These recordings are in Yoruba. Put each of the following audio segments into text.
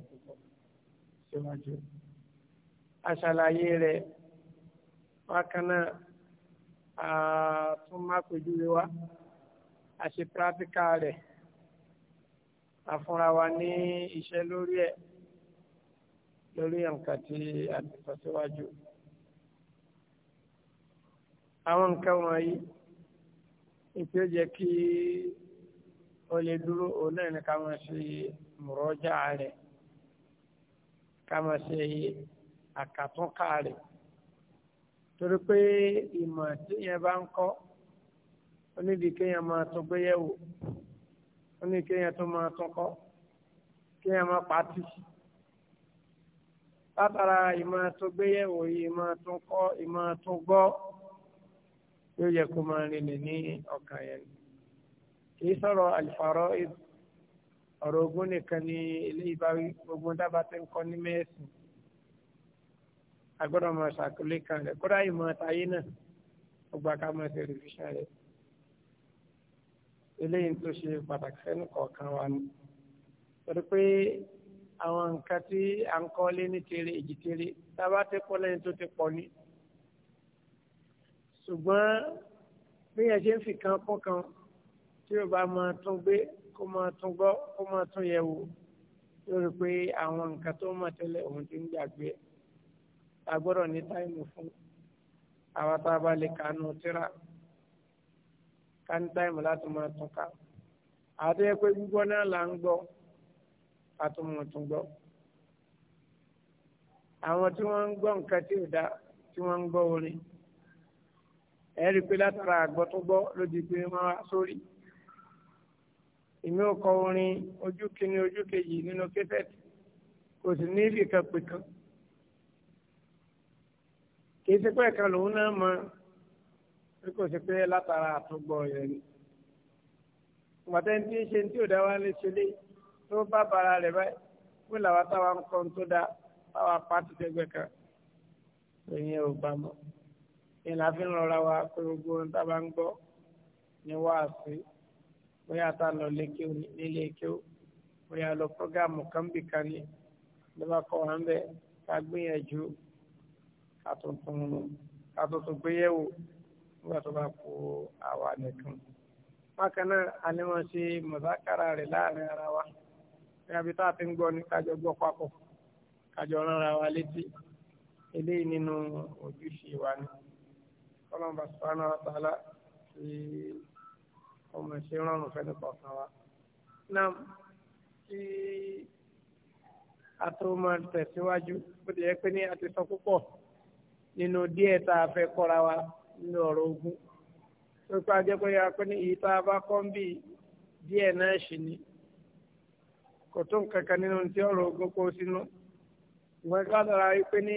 rẹ̀ púpọ̀ síwájú. àṣàlàyé rẹ̀ bákan náà àtúnmápẹ̀júwe wa àṣe pírátíkà rẹ̀ àfúnra wa ní iṣẹ́ lórí ẹ̀ lórí nǹkan tí a ti sọ síwájú. àwọn nǹkan wọ̀nyí ìpè ó jẹ́ kí ó lè dúró òun náà ní ká máa ṣe mùrọ́jà rẹ̀ ká máa ṣe àkàtúnkà rẹ̀ torí pé ìmọ̀ tíyẹn bá ń kọ́ ó níbi kéèyàn máa tún gbéyẹ̀wò ó ní kéèyàn tún máa tún kọ́ kéèyàn máa pàtì látara ìmọ̀ tún gbéyẹ̀wò yìí ìmọ̀ tún kọ́ ìmọ̀ tún gbọ́ yóò yẹ kó máa rinlẹ̀ ní ọkàn yẹn kì í sọ̀rọ̀ àlìfàrọ̀ ìdù ọ̀rọ̀ ogún nìkan ni eléyìí bá wí dábàá tó ń kọ́ ní mẹ́ẹ̀sì agbọ́dọ̀ mọ̀ ṣàkólé kan rẹ̀ kódà ìmọ̀ àtàyé náà ọgbà ká mọ̀ ṣe rìvíṣà rẹ̀ eléyìí tó ṣe pàtàkì sẹ́nu kọ̀ọ̀kan wa ni torí pé àwọn nǹkan tí à ń kọ́lé ní tere èjì tere dábàá tó kọ́ lẹ́yìn tó ti pọ̀ ni ṣùgbọ́n bí yẹn ṣe ń fi kan kún kan tí yóò bá mọ tún gbé kó máa tún gbọ́ kó máa tún yẹ̀ wò lórí pé àwọn nǹkan tó mọ̀ tẹ́lẹ̀ òun ti ń gbàgbé a gbọ́dọ̀ ní táìmù fún àwọn tá a bá lè kánú tíra ká ní táìmù láti máa tún ká àwọn tó yẹ pé gbígbọ́ náà là ń gbọ́ ká tó mọ̀ tún gbọ́ àwọn tí wọ́n ń gbọ́ nǹkan tí ò dá tí wọ́n ń gbọ́ orin ẹ̀rí pé látara àgbọ̀ tó gbọ́ ló di pé wọ́n wá sórí èmi ò kọ orin ojú kìíní ojú kejì nínú kẹsẹ̀tì kò sì ní ìfìkan pè kan kì í ṣe pé ẹ̀ka lòun náà mọ bí kò ṣe pé látara àtúgbọ̀ yẹn ni pàtẹ́ntì ṣe tí ò dá wa lè ṣe lé tó bá bara rẹ̀ báyìí pé làwa táwa ń kọ́ tó dáa táwa pàtó tẹ́gbẹ́ kan ìyẹn ò bá mọ́ ìlànà fi ń rọra wa pé gbogbo ohun tá a bá ń gbọ́ ni wàá sí bóyá tá a lọ nílé kéwú bóyá lọ prógámù kan bì kan ní lọ́ba kọ́ wa ń bẹ ká gbìyànjú ká tuntun gbéyẹ̀wò nígbà tó bá kú àwa nìkan. bákan náà a ní wọ́n ṣe mọ̀sákàrà rẹ̀ láàrin ara wa bí a bí tá a ti ń gbọ́ ní kájọ gbọ́ papọ̀ kájọ ránra wa létí eléyìí nínú ojúṣe wa ni. kọ́lọ́mbà sọ́nà ọ̀tá lá ti ọmọ ṣe rọrùn fẹ́ni kọ̀ọ̀kan wa. náà tí a tó máa tẹ̀síwájú ti yẹ pé ní a ti sọ púpọ̀ nínú díẹ̀ tá a fẹ́ kọ́ra wa nínú ọ̀rọ̀ ogun tó pa jẹ́ pé a pé ní èyí tá a bá kọ́ ń bì díẹ̀ náà ṣì ni kò tó nǹkan kan nínú tí ọ̀rọ̀ ogun kó sínú ìwọ́n ká lọ́ra wípé ní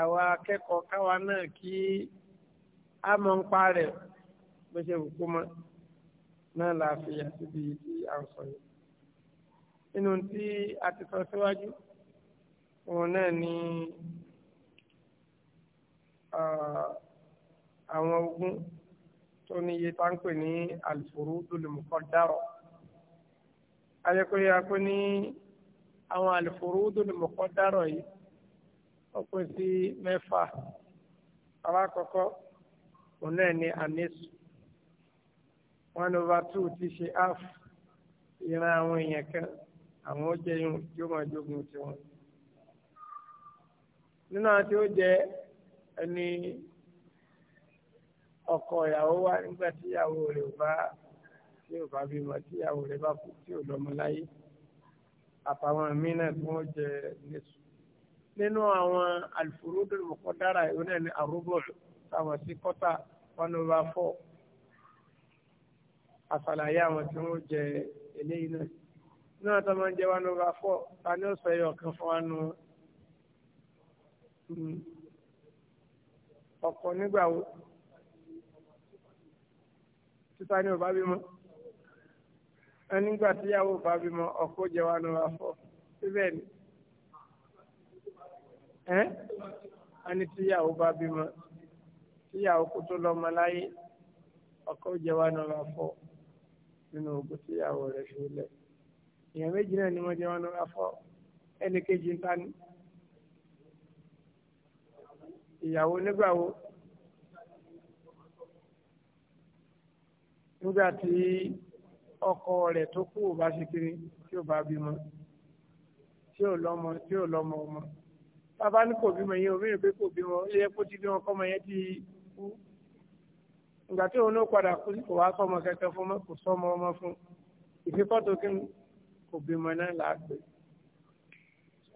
àwa akẹ́kọ̀ọ́ káwa náà kí a mọ̀ ń pa rẹ̀ bó ṣe wù kó mọ́ náà la fi àtibí tí a ń sọ yìí. inú tí a ti sọ síwájú òun náà ni àwọn ogún tó ní iye tá ń pè ní al-furudul muqaddara ayẹkọ̀yẹ akó ní àwọn al-furudul muqaddara yìí ó pín sí mẹ́fà alákọ̀ọ́kọ́ òun náà ni anesu one over two ti ṣe half ìran àwọn èèyàn kan àwọn ó jẹ irun tí ó máa jogun tiwọn nínú àwọn tí ó jẹ ẹni ọkọ ìyàwó wa nígbà tí ìyàwó rẹ̀ ò bá tí ò bá bímọ tí ìyàwó rẹ̀ bá kú tí ò lọ́mọ láyé àtàwọn míín náà tí wọ́n jẹ nẹsù nínú àwọn alifurudul muqaddara ìwé náà ní arúgbó táwọn sí kọta one over four àṣàlàyé àwọn tí wọ́n jẹ eléyìí náà náà tó máa ń jẹ́ one over four ta ni ó sọ ẹyọ kan fún wa nù ọkọ nígbà wo títa ni ò bá bímọ nígbà tíyàwó bá bímọ ọkọ jẹ one over four síbẹ̀ ni ẹ́ ani tíyàwó bá bímọ tíyàwó kó tó lọ́mọ láyé ọkọ jẹ one over four nínú ogun tí ìyàwó rẹ̀ fi lẹ̀. èèyàn méjì náà ni wọ́n jẹ́ wọn lọ́ra fọ́ ẹnì kejì ń tani. ìyàwó nígbàwó nígbà tí ọkọ rẹ̀ tó kú ò bá ṣe kiri tí ò bá bímọ tí ò lọ́mọ tí ò lọ́mọ ọmọ bàbá ní kò bímọ yẹn obìnrin pé kò bímọ ilé ẹ̀kọ́ ti bímọ kọ́mọ yẹn ti kú ìgbà tí òun ló padà kú kò wá sọmọ kẹkẹ fún mọ kò sọmọ ọmọ fún ìfikọ́tò kí kò bímọ náà láàgbé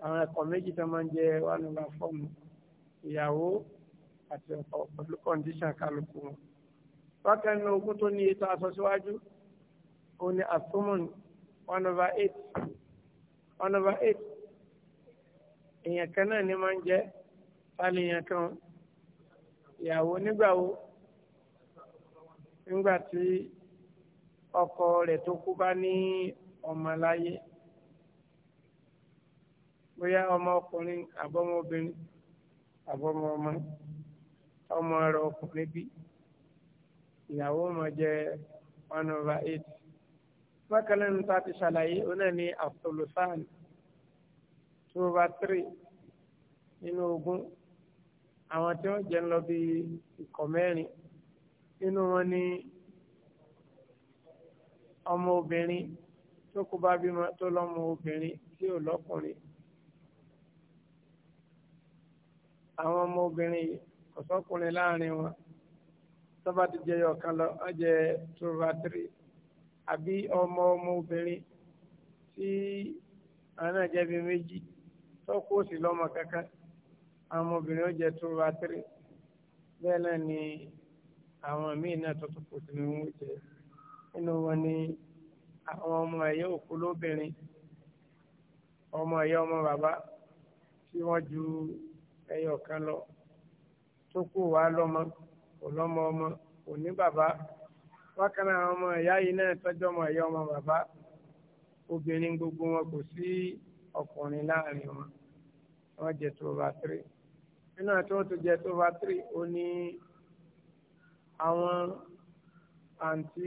àwọn ẹ̀kọ́ méjì tó máa ń jẹ wà nígbà fọ́ọ̀mù ìyàwó àti ọkọ pẹ̀lú kọ́ndíṣàn kálukú wọn. bákan ní ogún tó ní ètò aṣọ síwájú òun ni asumun one over eight one over eight èèyàn kan náà ni máa ń jẹ tálẹ̀ èèyàn kan ìyàwó nígbà wo nígbà tí ọkọ rẹ̀ tó kú bá ní ọmọ láyé bóyá ọmọ ọkùnrin àbọ̀mọbìnrin àbọ̀mọ ọmọ ọmọ rẹ̀ ọkùnrin bí ìyàwó máa jẹ one over eight bákan náà nípa ti ṣàlàyé ó náà ní àfọlùfáàn two over three nínú ogún àwọn tí wọ́n jẹ ń lọ bí ikọ̀ mẹ́rin inú wọn ni ọmọ obìnrin tó kó bá bímọ tó lọ́mọ obìnrin tí ò lọ́kùnrin àwọn ọmọ obìnrin ọ̀sọ́kùnrin láàrin wọn tó bá ti jẹyọ kan lọ ọ jẹ trovatre àbí ọmọ ọmọ obìnrin tí àwọn náà jẹ méjì tó kó sí kankan àwọn ọmọbìnrin ó jẹ trovatre bẹ́ẹ̀ náà ni àwọn míì náà tó tó kù sínú oúnjẹ nínú wọn ni àwọn ọmọ ẹ̀yẹ òkú lóbìnrin ọmọ ẹ̀yẹ ọmọ bàbá tí wọ́n ju ẹyọ kan lọ tó kù wá lọ́mọ kò lọ́mọ ọmọ kò ní bàbá wákan náà àwọn ọmọ ẹ̀yà yìí náà tọ́jú ọmọ ẹ̀yẹ ọmọ bàbá obìnrin gbogbo wọn kò sí ọkùnrin láàrin wọn wọ́n jẹ tó bá tiri nínú àti wọ́n tó jẹ tó bá tiri ó ní àwọn àǹtí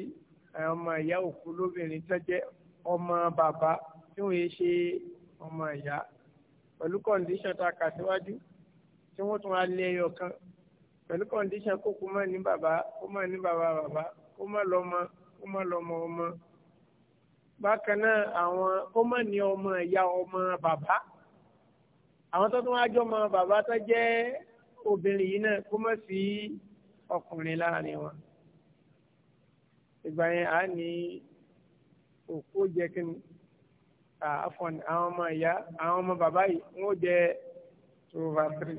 ọmọ ìyá òkú lóbìnrin tó jẹ́ ọmọ bàbá tí wọ́n yé ṣe ọmọ ìyá pẹ̀lú kọ́ndíṣàn tá a kà síwájú tí wọ́n tún wá lé ẹyọ kan pẹ̀lú kọ́ndíṣàn kó kó má ní bàbá kó má ní bàbá bàbá kó má lọ́mọ kó má lọ́mọ ọmọ bákan náà àwọn kó má ní ọmọ ìyá ọmọ bàbá àwọn tó tún wá jọ ọmọ bàbá tó jẹ́ obìnrin yìí náà kó má sí. Si, ọkùnrin láàrin wọn ìgbà yẹn a ní òkú jẹ kíni àfọn àwọn ọmọ ìyá àwọn ọmọ bàbá yìí wọn ò jẹ tòwòfà tiri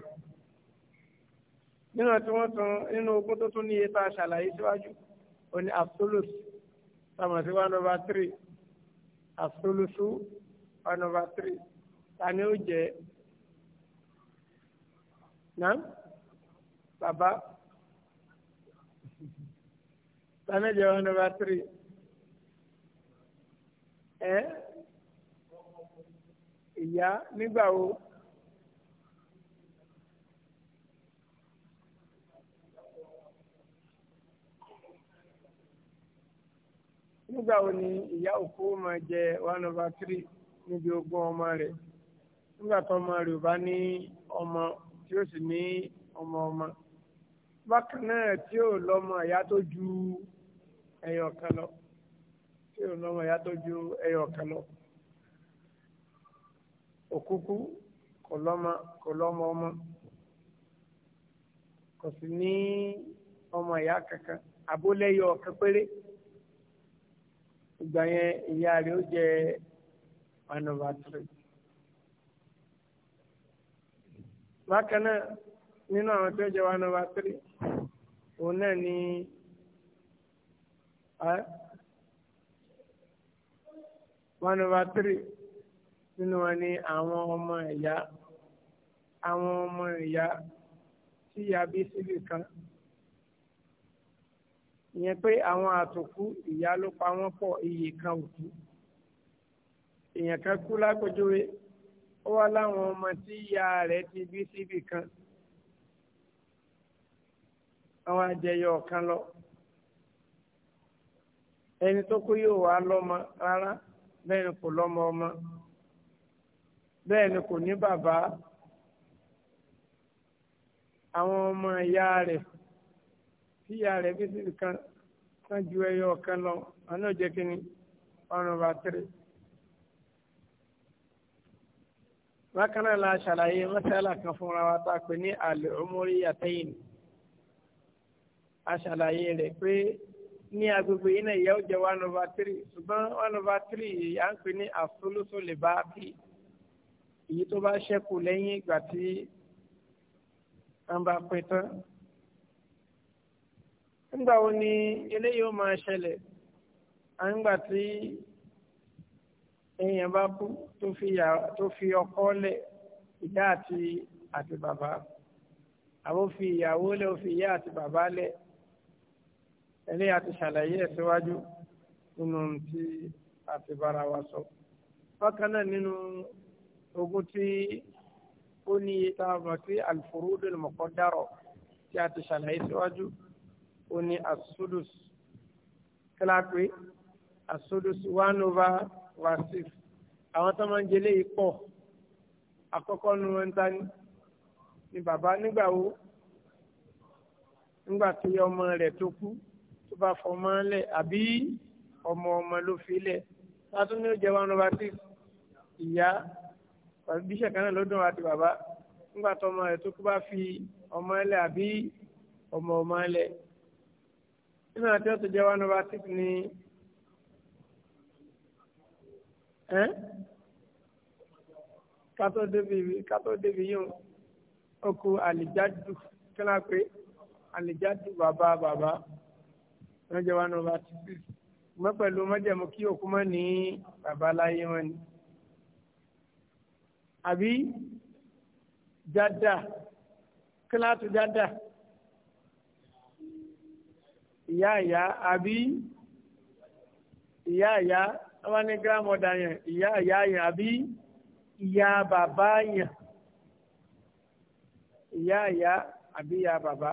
nínú tí wọn tún nínú ogún tó tún ní iye tá a ṣàlàyé síwájú òní absolute tàmọ̀ sí one over three absolute one over three ta ni ó jẹ náà bàbá. Sanaja one over three. Ẹ ìyá nígbà wo? Nígbà wo ni ìyá òkú máa jẹ one over three níbi ogún ọmọ rẹ̀? Nígbà tó ọmọ rẹ̀ ò bá ní ọmọ tí ó sì ní ọmọ ọmọ. Bákan náà tí ò lọ́mọ ìyá tó ju ẹyọ kan lọ tí òun lọ́mọ ya tó ju ẹyọ kan lọ òkúkú kò lọ́mọ kò lọ́mọ ọmọ kò sì ní ọmọ ìyá kankan abólẹ́yọ ọ̀kan péré ìgbà yẹn ìyá rẹ̀ ó jẹ one over three. bákan náà nínú àwọn tó jẹ one over three òun náà ní one over three nínú wọn ni àwọn ọmọ ìyá àwọn ọmọ ìyá tí ìyá bí síbì kan ìyẹn pé àwọn àtòkù ìyá ló pa wọ́n pọ̀ iye kan òkú èèyàn kan kú lágbójúwe ó wá láwọn ọmọ tí ìyá rẹ̀ ti bí síbì kan àwọn àjẹyọ kan lọ. ẹni tó kú yóò wá lọ́mọ rárá bẹ́ẹ̀ ni kò lọ́mọ ọmọ bẹ́ẹ̀ ni kò ní bàbá àwọn ọmọ ìyá rẹ̀ tí ìyá rẹ̀ bí sì kan kan ju ẹyọ ọ̀kan lọ àná jẹ́ kínní ọ̀run bá náà la ṣàlàyé mọ́sálà kan wa tá a pè ní àlè ní agbègbè yìí náà ìyá ó jẹ one over three ṣùgbọ́n one over three yìí à ń pè ní àsolóso lè bá a bí èyí tó bá ṣẹ́kù lẹ́yìn ìgbà tí wọ́n bá pín tán. nígbà wo ni eléyìí ó máa ṣẹlẹ̀ à ń gbà tí èèyàn bá kú tó fi ọkọ lẹ̀ ìyá àti àti bàbá àbó fi ìyàwó lẹ̀ ó fi ìyá àti bàbá lẹ̀ eléyà ti ṣàlàyé ẹ̀ síwájú nínú tí a ti bára wa sọ. bákan náà nínú ogún tí ó ní iye tá a mọ̀ sí alfurudul muqaddaro tí a ti ṣàlàyé síwájú ó ní asudus kílápé asudus one over over six àwọn tó máa ń jẹlé yìí pọ̀ nu wọn ta ni ni bàbá nígbà wo nígbà tí ọmọ rẹ̀ tó kú bá fọmọ lẹ̀ àbí ọmọ ọmọ ló fi lẹ̀ látún ní ó jẹ́ one over six ìyá bí ṣẹ̀kan náà lọ́dún àti bàbá nígbà tó ọmọ rẹ̀ tó kú bá fi ọmọ ẹlẹ̀ àbí ọmọ ọmọ ẹlẹ̀ nínú àti ọ̀tọ̀ jẹ́ one over six ni kátó débi kátó débi yóò ó kú àlìjádù kí ló bàbá bàbá wọ́n jẹ́ one over sixty mọ́ pẹ̀lú mọ́jẹ̀mú kí òkú mọ́ ní bàbá láyé wọn ni. àbí jádà kíláàsì jádà ìyá ìyá àbí ìyá ìyá wọ́n ní gírámọ̀dà yẹn ìyá ìyá yẹn àbí ìyá bàbá yẹn ìyá ìyá àbí ìyá bàbá.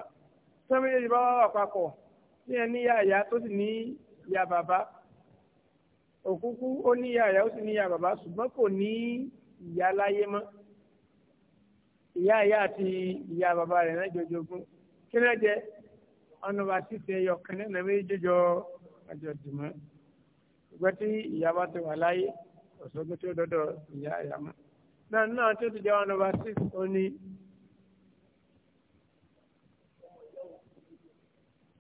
sọ́mi yẹn ti bá wà papọ̀ ní ẹ ní yàyà tó sì ní yà bàbá òkúkú ó ní yàyà ó sì ní yà bàbá ṣùgbọ́n kò ní ìyá láyé mọ́ ìyá ìyá àti ìyá bàbá rẹ̀ náà jọjọgún kí náà jẹ ọ̀nà bá ti tẹ ẹyọ kan náà méjì jọjọ àjọ dùmọ́ ṣùgbọ́n tí ìyá bá ti wà láyé ọ̀ṣọ́gbọ́n tí ìyá ìyá mọ́ náà náà tó ti jẹ́ ọ̀nà bá ti ó ní.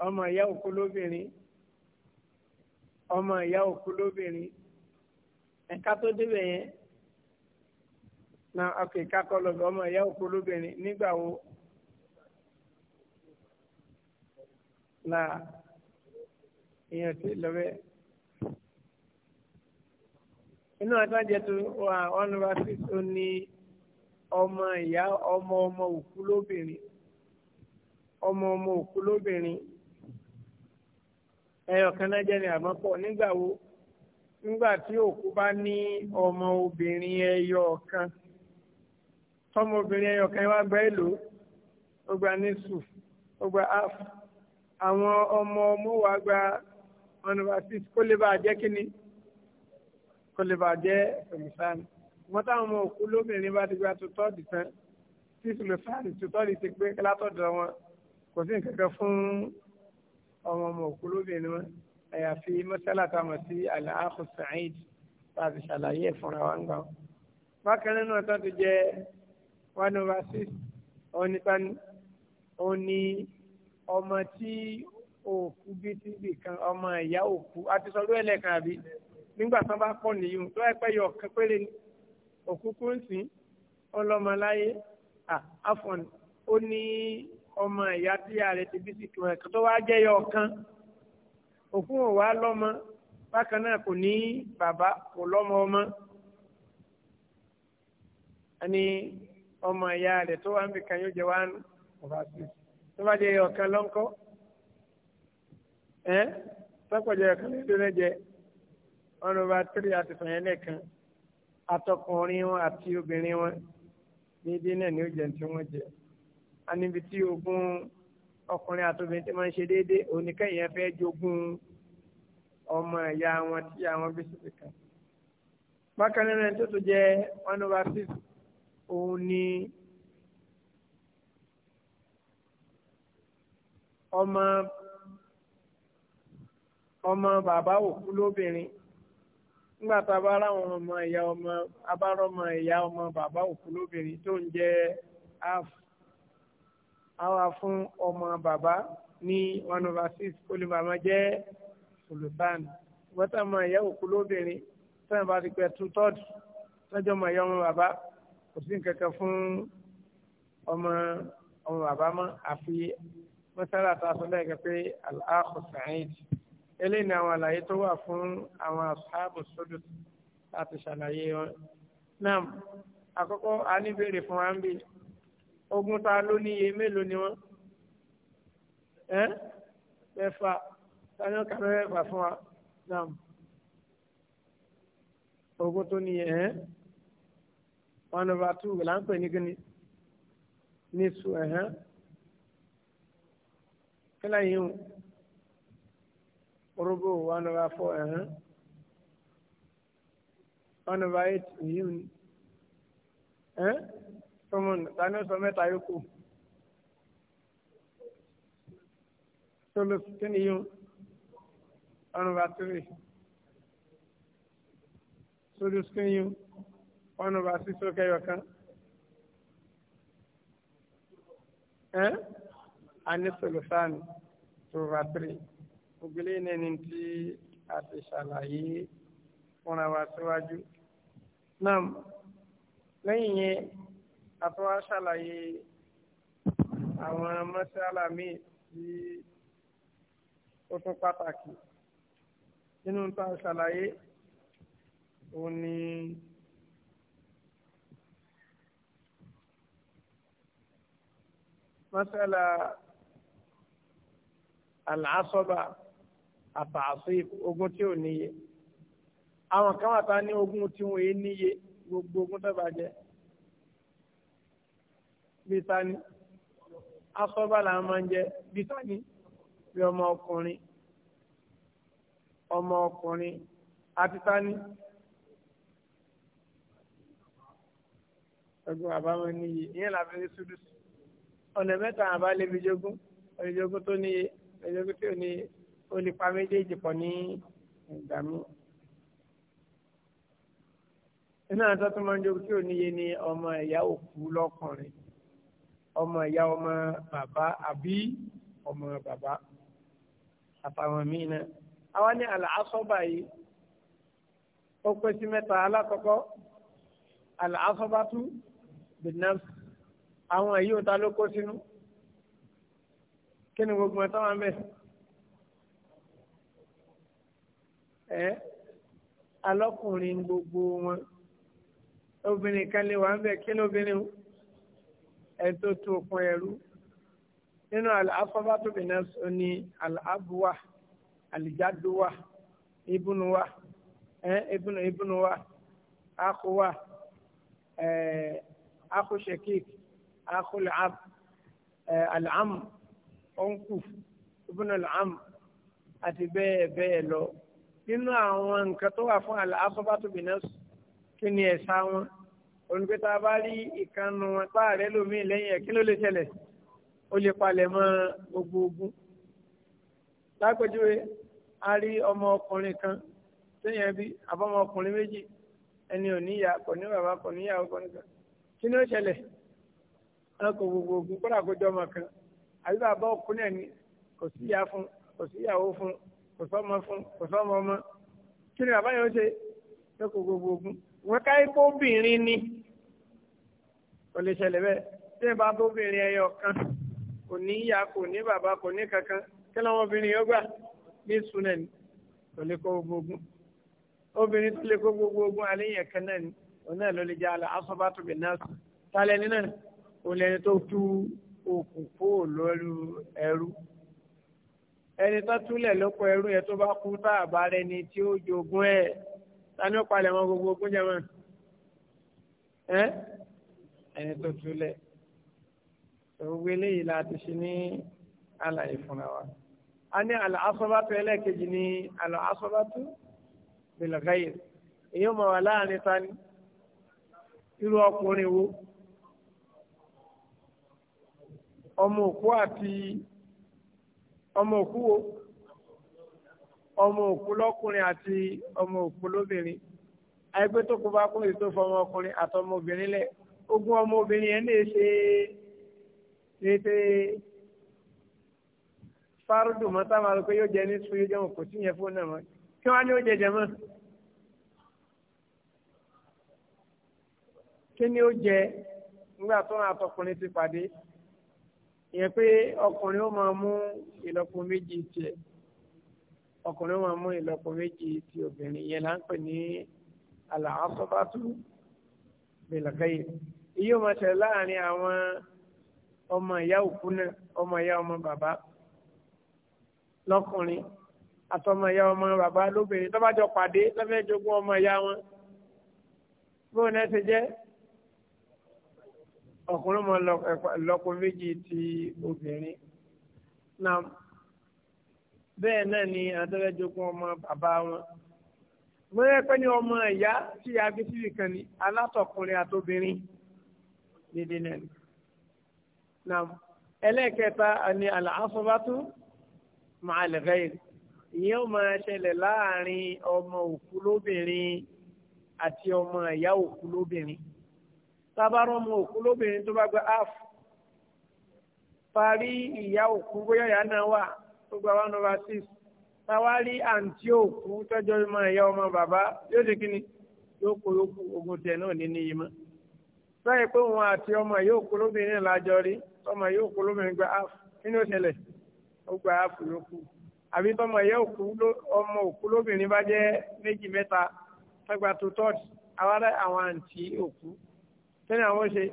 ọmọ ìyá òkú lóbìnrin ọmọ ìyá òkú lóbìnrin ẹ̀ka tó débẹ̀ yẹn na àkèká kọ lọ ọmọ ìyá òkú lóbìnrin nígbà wo la èèyàn ti lọ bẹ́ẹ̀ inú àtàjẹ tó wà one over six ó ní ọmọ ìyá ọmọ ọmọ òkú lóbìnrin ọmọ ọmọ òkú lóbìnrin ẹyọ kan náà jẹ́ ní àmọ́ pọ̀ nígbà wo nígbà tí òkú bá ní ọmọ obìnrin ẹyọ kan tọmọ obìnrin ẹyọ kan wá gbẹ́ lò ó gba nísù ó gba áf àwọn ọmọ ọmọ wa gba university kó lè bá jẹ́ kínní kó lè bá jẹ́ sọ̀mùsánì wọ́n táwọn ọmọ òkú lóbìnrin bá ti gba tó tọ́ọ̀dì tán tí sọ̀mùsánì tó tọ́ọ̀dì ti pé látọ̀dọ̀ wọn kò sí nǹkan kan fún ọmọ ọmọ òkú lóbìnrin wọn àyàfi mọ́sálà tá a mọ̀ sí aláàkú sàáìd tá a ti ṣàlàyé ẹ̀ fúnra wa ń gbà wọn. bákan náà náà tán ti jẹ one over six òun ní tani òun ní ọmọ tí òkú bí síbì kan ọmọ ìyá òkú àti sọ lóyè lẹ́ẹ̀kan àbí nígbà tán bá pọ̀ nìyí tó ẹ pẹ́ yọ ọ̀kan péré ni òkú kúrú sí ọlọ́mọláyé àfọ̀n ó ní ọmọ ìyá tí ìyá rẹ̀ ti bí sí kí wọn ẹ̀kan tó wá jẹ́yọ ọ̀kan òkun ò wá lọ́mọ bákan náà kò ní bàbá kò lọ́mọ ọmọ ẹni ọmọ ìyá rẹ̀ tó wá ń bì kan yóò jẹ́ wá ń tó bá jẹ́yọ ọ̀kan lọ́ńkọ́ ẹ́ tọ́pọ̀jọ́ ẹ̀kan lè dúró jẹ one over three àti fàyẹn lẹ́ẹ̀kan atọkùnrin wọn àti obìnrin wọn déédéé náà ni ó jẹ tí wọ́n jẹ anibi tí ogún ọkùnrin àtòbìnrin ti máa ń ṣe déédéé oníkẹyìn ẹ fẹ́ jogún ọmọ ìyá wọn tí àwọn bí síbi kan bákan náà ẹni tó tó jẹ one over six òun ni ọmọ ọmọ bàbá òkú lóbìnrin nígbà tá a bá ráwọn ọmọ ìyá ọmọ abárọmọ ìyá ọmọ bàbá òkú lóbìnrin tó ń jẹ áàfù àwa fún ọmọ bàbá ní one over six ó lè bàmá jẹ́ olùbán wọ́tà máa yẹ òkú lóbìnrin tẹ́lẹ̀ bá ti pẹ́ two third lọ́jọ́ máa yẹ ọmọ bàbá kò sí nǹkan fún ọmọ ọmọ bàbá mọ́ àfi mọ́sálà tá a pé al-akhu eléyìí ni àwọn àlàyé tó wà fún àwọn ashabu sudus láti ṣàlàyé wọn. náà àkọ́kọ́ a ní béèrè fún wa ń bì ogun ta ló níye mélòó ni wọ́n ẹ́ mẹ́fà tani ọkà mẹ́fà fún wa nam ogun tó níye ẹ́ one over two là ń pè ní kíni níṣu ẹ̀hán kílá yìí ń orobo one over four ẹ̀hán one over eight yìí ń ẹ́ sọmọnù tani ó sọ mẹ́ta yòókù solus kíni yóò ọrùn bá tiri solus kíni yóò ọrùn bá sí sókè yọkan ẹ ani solusani tó bá tiri ògbélé nẹni tí a ti ṣàlàyé fúnra wa síwájú náà lẹ́yìn yẹn àtúwá ṣàlàyé àwọn mọ́ṣálà míì tí ó tún pàtàkì nínú tá a ṣàlàyé òun ni mọ́ṣálà àlàásọ́bà àtàásíf ogun tí ò níye àwọn kan wà tá ní ogun tí wọn èé níye gbogbo ogun tó bá bí tani asọ́bà là máa ń jẹ bí tani bí ọmọ ọkùnrin ọmọ ọkùnrin àti tani. ẹgbẹ́ àbámọ́ níye ìyẹn làbí ní sùdùsù ọ̀nà mẹ́ta àbá lébi jogún ọ̀nà jogún tó níye ọ̀nà jogún tó níye ó méjèèjì pọ̀ ní ìgbà mi. àtọ́tún máa ń jogún tó níye ni ọmọ ìyá òkú lọ́kùnrin ọmọ ìyá ọmọ bàbá àbí ọmọ bàbá àtàwọn míì náà àwa ní àlàásọ́bà yìí ó pé sí mẹ́ta alákọ̀ọ́kọ́ àlàásọ́bà tú bìnnẹ́f àwọn èyí ò ta ló kó sínú kí ni gbogbo ẹ̀ táwọn bẹ̀ ẹ́ alọ́kùnrin gbogbo wọn obìnrin kan lè wà ń bẹ̀ kí lóbìnrin o ẹni tó tú okùn ẹrú nínú al-asabatu bin nas ní al-abuwa alijaduwa ibunuwa ibunu ibunuwa akuwa akushekik akulab al-am onku ibunu al-am àti bẹ́ẹ̀ bẹ́ẹ̀ lọ nínú àwọn nǹkan tó wà fún al-asabatu bin nas kí ni ẹ̀sà wọn olùgbéta bá rí ìkànnù wọn páàrẹ́ lómi lẹ́yìn ẹ̀ kí ló lè ṣẹlẹ̀ ó lè palẹ̀ mọ́ gbogbo ogun lápèjúwe a rí ọmọ ọkùnrin kan téèyàn bí àbọ̀mọ ọkùnrin méjì ẹni ò níyà kò ní bàbá kò níyàwó kò ní kan kí ni ó ṣẹlẹ̀ wọn kò gbogbo ogun kódà kó jọ ọmọ kan àbí bàbá ọkùnrin ẹni kò síyà fún kò síyàwó fún kò sọmọ fún kò sọmọ ọmọ kí ni bàbá yẹn ó ṣe lóko gbogbo ogun wọn káyé kó obìnrin ni ó lè ṣẹlẹ̀ bẹ́ẹ̀ tí ẹ bá bóbìnrin ẹyọ kan kò ní ìyá kò ní bàbá kò ní kankan kí lọ́wọ́ obìnrin yóò gbà ní ìsúná ni kò lè kó gbogbo ogun obìnrin tó lè kó gbogbo ogun aléyìn ẹ̀kan náà ni òun náà ló lè jẹ́ àlọ́ asọ́bátò bẹ̀ náà sùn tálẹ̀ ní náà òun lẹni tó tú okùn kó lórí ẹrú ẹni tó túlẹ̀ lóko ẹrú yẹn tó bá kú tá àbárẹ́ ni tí ó jogún ẹ̀ tani ó palẹ̀ mọ́ gbogbo ogun jẹ́ mọ́ ẹ́ ẹni tó túlẹ̀ gbogbo eléyìí la ti ṣe ní àlàyé fúnra wa a ní àlọ́ asọ́bátú ẹlẹ́ẹ̀kejì ní àlọ́ asọ́bátú bìlọ̀gáyè èyí ò mọ̀ wá láàrin sani irú ọkùnrin wo ọmọ òkú àti ọmọ òkú wo ọmọ òkú lọ́kùnrin àti ọmọ òkú lóbìnrin àìgbé tó kó bá kún èyí fọmọ ọkùnrin àtọmọbìnrin lẹ́ẹ̀ ogún ọmọbìnrin yẹn lè ṣe ètè fárúdù mọ́ táwọn àlọ́ pé yóò jẹ ní sùn yóò jẹun kò sí yẹn fún náà mọ́ kí wọ́n á ní ó jẹjẹ mọ́. kí ni ó jẹ nígbà tó ń àtọkùnrin ti pàdé ìyẹn pé ọkùnrin ó máa mú ìlọ́po méjì tiẹ̀ ọkùnrin ó máa mú ìlọ́po méjì ti obìnrin yẹn là ń pè ní àlàáfọ́bátú bẹ̀lẹ̀kẹ́yìn èyí ò máa ṣẹlẹ̀ láàrin àwọn ọmọ ìyá òkú náà ọmọ ìyá ọmọ bàbá lọ́kùnrin àtọmọ ìyá ọmọ bàbá lóbìnrin tó bá jọ pàdé lọ́fẹ́ jogún ọmọ ìyá wọn bóun náà ṣe jẹ́ ọkùnrin mọ lọ́kọ méjì ti obìnrin náà bẹ́ẹ̀ náà ni àtọ́fẹ́ ọmọ bàbá wọn mo yẹ pé ní ọmọ ìyá tí a gbé síbì kan ni alátọkùnrin àtobìnrin dédé náà ni. Nà ẹlẹ́ẹ̀kẹta ni àlàáfọ́bátú máa lẹ̀fẹ́ yìí. Ìyẹn ó máa ṣẹlẹ̀ láàárín ọmọ òkú lóbìnrin àti ọmọ ìyá òkú lóbìnrin. Tábàárọ̀ ọmọ òkú lóbìnrin tó bá gba áf. Parí ìyá òkú bóyá ìyá náà wà tó gba one over six. Táwárí àǹtí òkú tọ́jú ọmọ ìyá ọmọ bàbá yóò ṣe kí Yóò kó yókù ogun tẹ̀ náà ní níyì mọ́ sọ́yẹ pé òun àti ọmọ yóò kú lóbìnrin lájọ rí ọmọ yóò kú lóbìnrin gba ah, áàfù nínú ìṣẹ̀lẹ̀ ó gba áàfù ló kú àbí tọmọ yẹ òkú ọmọ òkú lóbìnrin bá jẹ́ méjì mẹ́ta tọgbà tó tọ́ọ̀tì awárẹ́ àwọn àǹtí òkú tẹ́lẹ̀ àwọn ṣe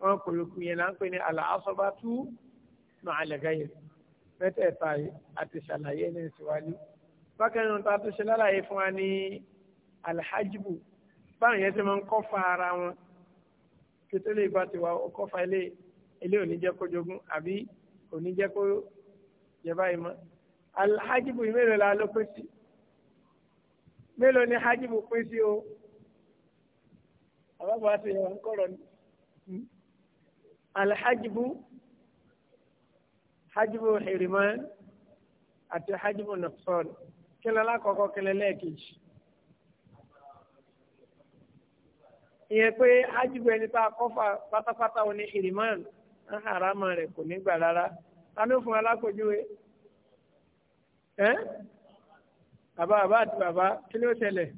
wọn kò lókù yẹn là ń pè ní àlàásọ́bá tú màálẹ̀gá yẹn mẹ́tẹ̀ẹ̀ta yìí àti ṣàlàyé ní ìsíwájú bákan náà tá ṣe lálàyé fún wa ní alhajibu báwọn yẹn ti máa ń kọ́ fa ara wọn tètè lè bá ti wà ọkọ fa ilé ilé òní jẹ kó jogún àbí òní jẹ kó jẹ báyìí mọ alhajibu mélòó la ló pín sí mélòó ni hajibu pín sí o àbábọ̀ àti ìyàwó ń kọ̀rọ̀ ni alhajibu hajibu hiriman àti hajibu nafsọ́ọ̀lù kí lọ́la kọ̀ọ̀kan kí lọ́la ẹ̀kejì. ìyẹn pé ájúbọ ẹni tá a kọfà pátápátá oní ìrìmán ń rẹ kò ní gbà rárá tani fún alákòjúwe ẹ bàbá bàbá àti bàbá kí ni ó ṣẹlẹ̀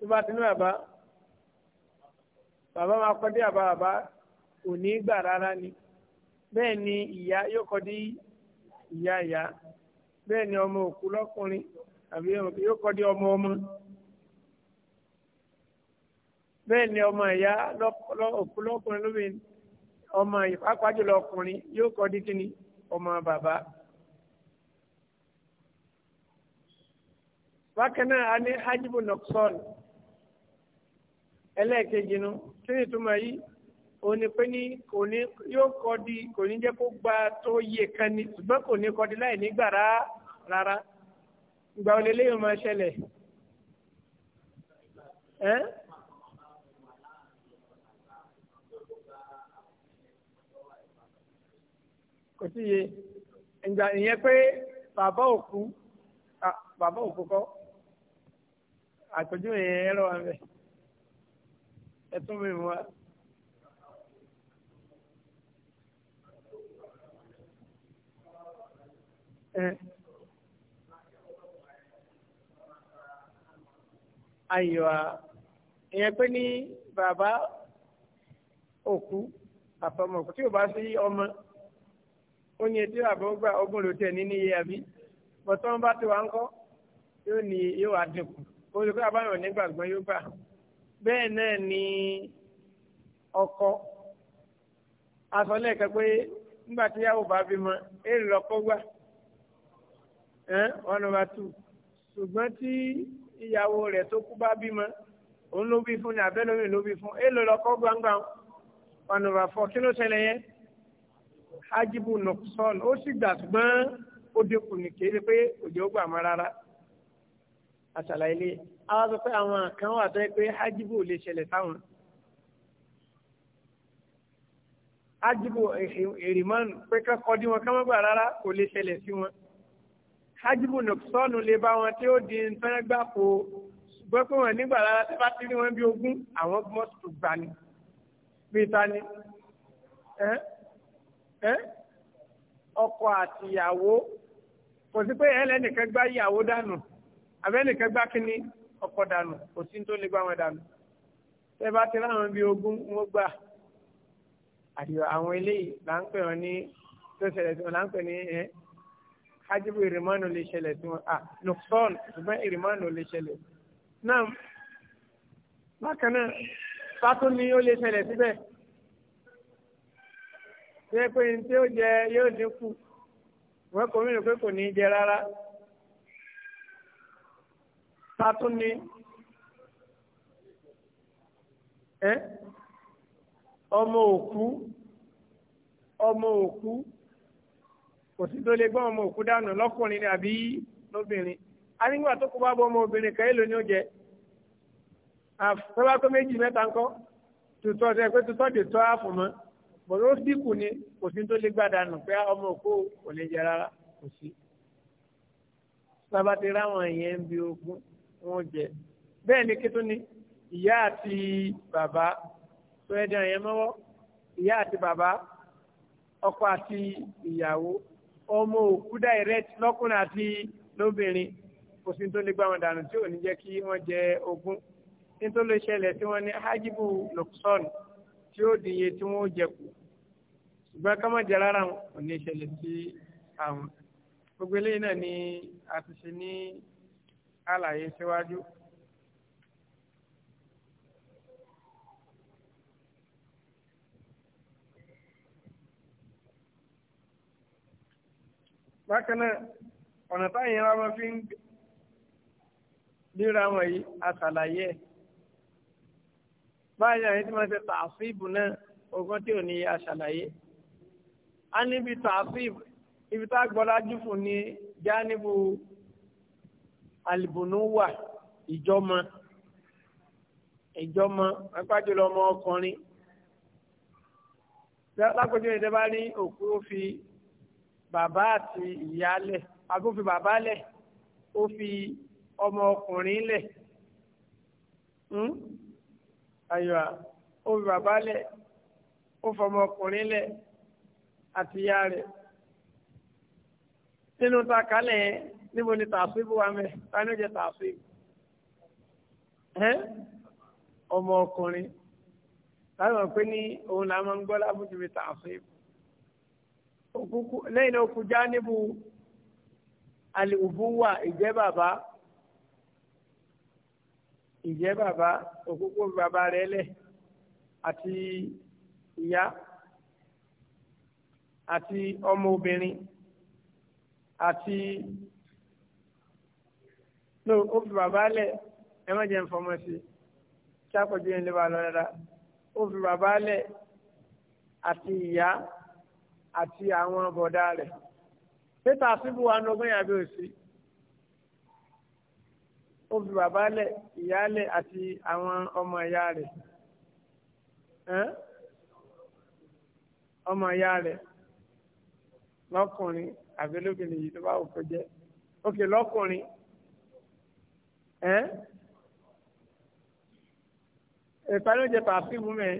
tó bá ti ní bàbá bàbá máa kọ́ dé ní gbà rárá ni yóò kọ́ dé ìyá ìyá bẹ́ẹ̀ ni ọmọ òkú lọ́kùnrin yóò kọ́ dé ọmọ bẹ́ẹ̀ ni ọmọ ìyá lọ́kùnrin lóbìnrin ọmọ ìpápá jùlọ ọkùnrin yóò kọ́ di kíni ọmọ bàbá. bákan náà a ní hajibu nọksọ́ọ̀lù ẹlẹ́ẹ̀kejì nu kí ni ìtumọ̀ yìí òun ni pé ní kò ní yóò kọ́ di kò ní jẹ́ kó gba tó yẹ kan koni ṣùgbọ́n kò ní kọ́ di láì ní gbàrà rárá máa ṣẹlẹ̀ kò sí iye ìgbà ìyẹn pé bàbá òkú bàbá òkú kọ́ àpèjúwe yẹn ẹ̀rọ wa bẹ̀ ẹ̀tún mi wá. Ayọ̀ ìyẹn pé ní bàbá òkú àtọmọ òkú tí ò bá sí ọmọ ó ní etí àbọ̀ gbà ogún ló tẹ̀ nínú iye àbí bọ̀tọ́ wọn bá ti wá ń kọ́ yóò ní yóò wá dínkù olùkọ́ àbáyọ̀ nígbàgbọ́ yóò gbà bẹ́ẹ̀ náà ni ọkọ asọ́lẹ̀ kan pé nígbà tí yàwó bá bímọ èrè lọ́kọ́ gbà one over two ṣùgbọ́n tí ìyàwó rẹ̀ tó kú bá bímọ òun ló bí fún ni abẹ́lómi ló bí fún èèlò lọ́kọ́ gbangba one over four kí ló ṣẹlẹ̀ yẹn ajibu nọkùsọ́ọ̀nù ó sì gbà ṣùgbọ́n ó dínkù ní kéde pé òjò ó gbà mọ́ rárá àṣàlàyé lé àwọn sọ pé àwọn kan wà tó yẹ pé ajibu lè ṣẹlẹ̀ sáwọn ajibu èrìmọ́nù pé kọ́kọ́ dí wọn ká má gbà rárá kò lè ṣẹlẹ̀ sí wọn ajibu nọkùsọ́ọ̀nù lè bá wọn tí ó di nǹkan gbà kó ṣùgbọ́n pé wọn nígbà rárá tí bá ti rí wọn bí ogún àwọn mọ́tò gbani bíi ta ni. Eh? ọkọ àtìyàwó kò sí pé ẹlẹ́nìkan gbá ìyàwó dànù àbẹ́nìkan gbá kínní ọkọ dànù kò sí tó lè gbá wọn dànù tẹ́ bá ti ráwọn bíi ogún wọn gbà àdìyọ àwọn eléyìí là ń pè wọn ní tó ṣẹlẹ̀ tí wọn là ń pè ní ẹ hajibu ìrìmọ́nù lè ṣẹlẹ̀ tí wọn à nùfọ́ọ̀n ṣùgbọ́n ìrìmọ́nù lè ṣẹlẹ̀ náà bákan náà sátó ni ó lè ṣẹlẹ̀ síbẹ̀. ṣé pé ní tí ó jẹ yóò dínkù wọ́n kò mìíràn pé kò ní jẹ rárá tátún ni ọmọ òkú ọmọ òkú kò sí tó lè gbọ́ ọmọ òkú dànù lọ́kùnrin ni àbí lóbìnrin a tó kó bá bọ ọmọ obìnrin kan èlò ó jẹ tó méjì mẹ́ta ńkọ́ tutọ́ ṣe pé tutọ́ bọ̀dọ̀ ó dínkù ni kò sí tó lè gbàdánù pé ọmọ òkú kò lè jẹ rárá kò sí. sábàtì ráwọn yẹn ń bi ogún wọn jẹ bẹ́ẹ̀ ni kí tó ni ìyá àti bàbá tó ẹ̀dá yẹn mọ́wọ́ ìyá àti bàbá ọkọ àti ìyàwó ọmọ òkú direct lọ́kùnrin àti lóbìnrin kò sí tó lè gbà wọn dànù tí ò ní jẹ́ kí wọ́n jẹ ogún nítorí ó ṣẹlẹ̀ tí wọ́n ní hajibu luxon tí ó di iye tí wọ́n jẹ kù ṣùgbọ́n ká má jẹ rárá wọn ní ìṣẹ̀lẹ̀ sí àwọn gbogbo eléyìí náà ni a ti ṣe ní àlàyé síwájú. bákan náà ọ̀nà táyìn wa máa fi ń ríra wọ̀nyí àtàlàyé ẹ̀ báyìí àyè tí wọ́n ṣe tààfíìbù náà ogún tí ò ní aṣàlàyé a níbi tààfíìbù ibi tá a gbọ́dá jù fún ní jáníbu alìbùnúwà ìjọmọ ìjọmọ apájọlọ ọmọ ọkùnrin lápẹjọ yìí dábàá ní òkú ó fi bàbá àti ìyá lẹ̀ àbí ó fi bàbá lẹ̀ ó fi ọmọ ọkùnrin lẹ̀ hmm? Ayiwa, o baba bàbá lẹ̀ ó fọmọ ọkùnrin lẹ̀ àti ìyá rẹ̀ nínú ta kálẹ̀ yẹn níbo ni tàṣíbù wa mẹ́ tani ó jẹ tàṣíbù ọmọ ọkùnrin láti mọ̀ pé ni òun là máa ń gbọ́ lábùjú mi tàṣíbù lẹ́yìn ìjẹ́ bàbá òkúkú bàbá rẹ̀ lẹ̀ àti ìyá àti ọmọ obìnrin àti no ó fi bàbá lẹ̀ ẹ má jẹ́ nfọmọ sí kí àpọ̀jù yẹn lè wà lọ rárá ó fi bàbá lẹ̀ àti ìyá àti àwọn bọ̀dá rẹ̀ pété àsìbò wa nọgbẹ́yà bí ó ó fi bàbá lẹ̀ ìyá lẹ̀ àti àwọn ọmọ ìyá rẹ̀ ọmọ ìyá rẹ̀ lọ́kùnrin àbí lóbìnrin yìí tó bá wò kó jẹ́ òkè lọ́kùnrin ìparí ó jẹ tààfíìmù mẹ́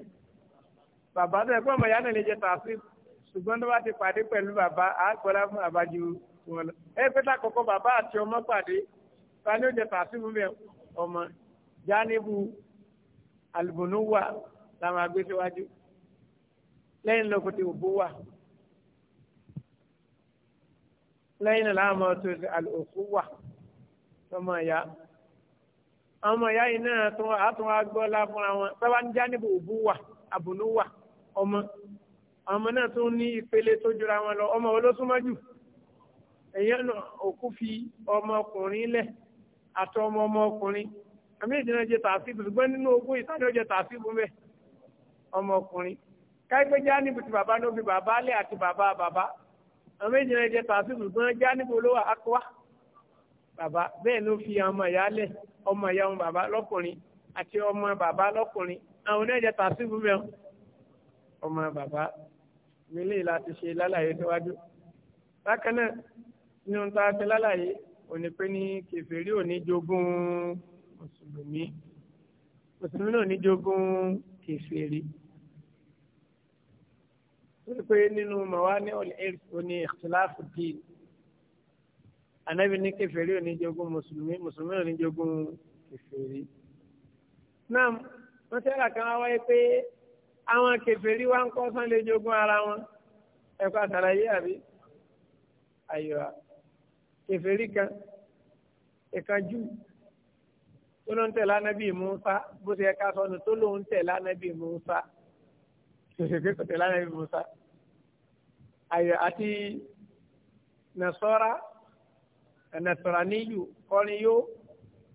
bàbá tó yẹ kó ọmọ ìyá náà lè jẹ tààfíìmù ṣùgbọ́n tó bá ti pàdé pẹ̀lú bàbá àá gbọ́dá fún bàbá wọn lọ ẹ pé tá kọ́kọ́ bàbá àti ọmọ pàdé sani ó jẹ tàṣíbù bẹ ọmọ jánibu alùbùnúwà làwọn agbésíwájú lẹ́yìn lọkùtì òbúwà lẹ́yìn náà làwọn ọmọ tó ṣe àlòkúwà tọmọ ìyá ọmọ ìyá yìí náà tún àtún agbọ́lá fúnra wọn sábà ń jánibu òbúwà àbùnúwà ọmọ ọmọ náà tún ní ìpele tó jura wọn lọ ọmọ olóṣùmọ́jù èèyàn òkú fi ọmọkùnrin lẹ̀ àti ọmọ ọmọ ọkùnrin àmì ìdíná jẹ tààfíìbù ṣùgbọ́n nínú ogún ìtàní ọjẹ tààfíìbù mẹ́ ọmọ ọkùnrin káyipẹ́ jánìbù ti bàbá ní obì bàbá alẹ́ àti bàbá bàbá àmì ìdíná jẹ tààfíìbù ṣùgbọ́n jánìbù ló wà akọ́wà bàbá bẹ́ẹ̀ ló fi ọmọ ìyá lẹ̀ ọmọ ìyá ọmọ bàbá lọ́kùnrin àti ọmọ bàbá lọ́kùnrin àwọn oníjẹ tààfíìbù mẹ́ ọmọ bàbá mi lè láti ṣe lálàyé síwájú bákan náà nínú tá a ti lálàyé òní pé ní kèfèrí òní jogún mùsùlùmí mùsùlùmí náà ní jogún kèfèrí wọ́n pé nínú mawani ọ̀lẹ́ẹ̀rì òní ìṣẹ̀láfù dì ànábì ní kèfèrí òní jogún mùsùlùmí mùsùlùmí òní jogún kèfèrí. náà wọ́n sẹ́ra kan wá wáyé pé àwọn kèfèrí wá ń kọ́ sán jogún ara wọn ẹ̀kọ́ àtàlàyé àbí àyíwá kèfèrí kan ẹ̀ka jù tó ló ń tẹ̀lé anábì Musa bó ṣe ẹ̀ka sọnù tó ló ń tẹ̀lé anábì Musa ṣèṣèké kò tẹ̀lé anábì Musa ayọ̀ àti nasọ́ra nasọ́raníyù kọrin yó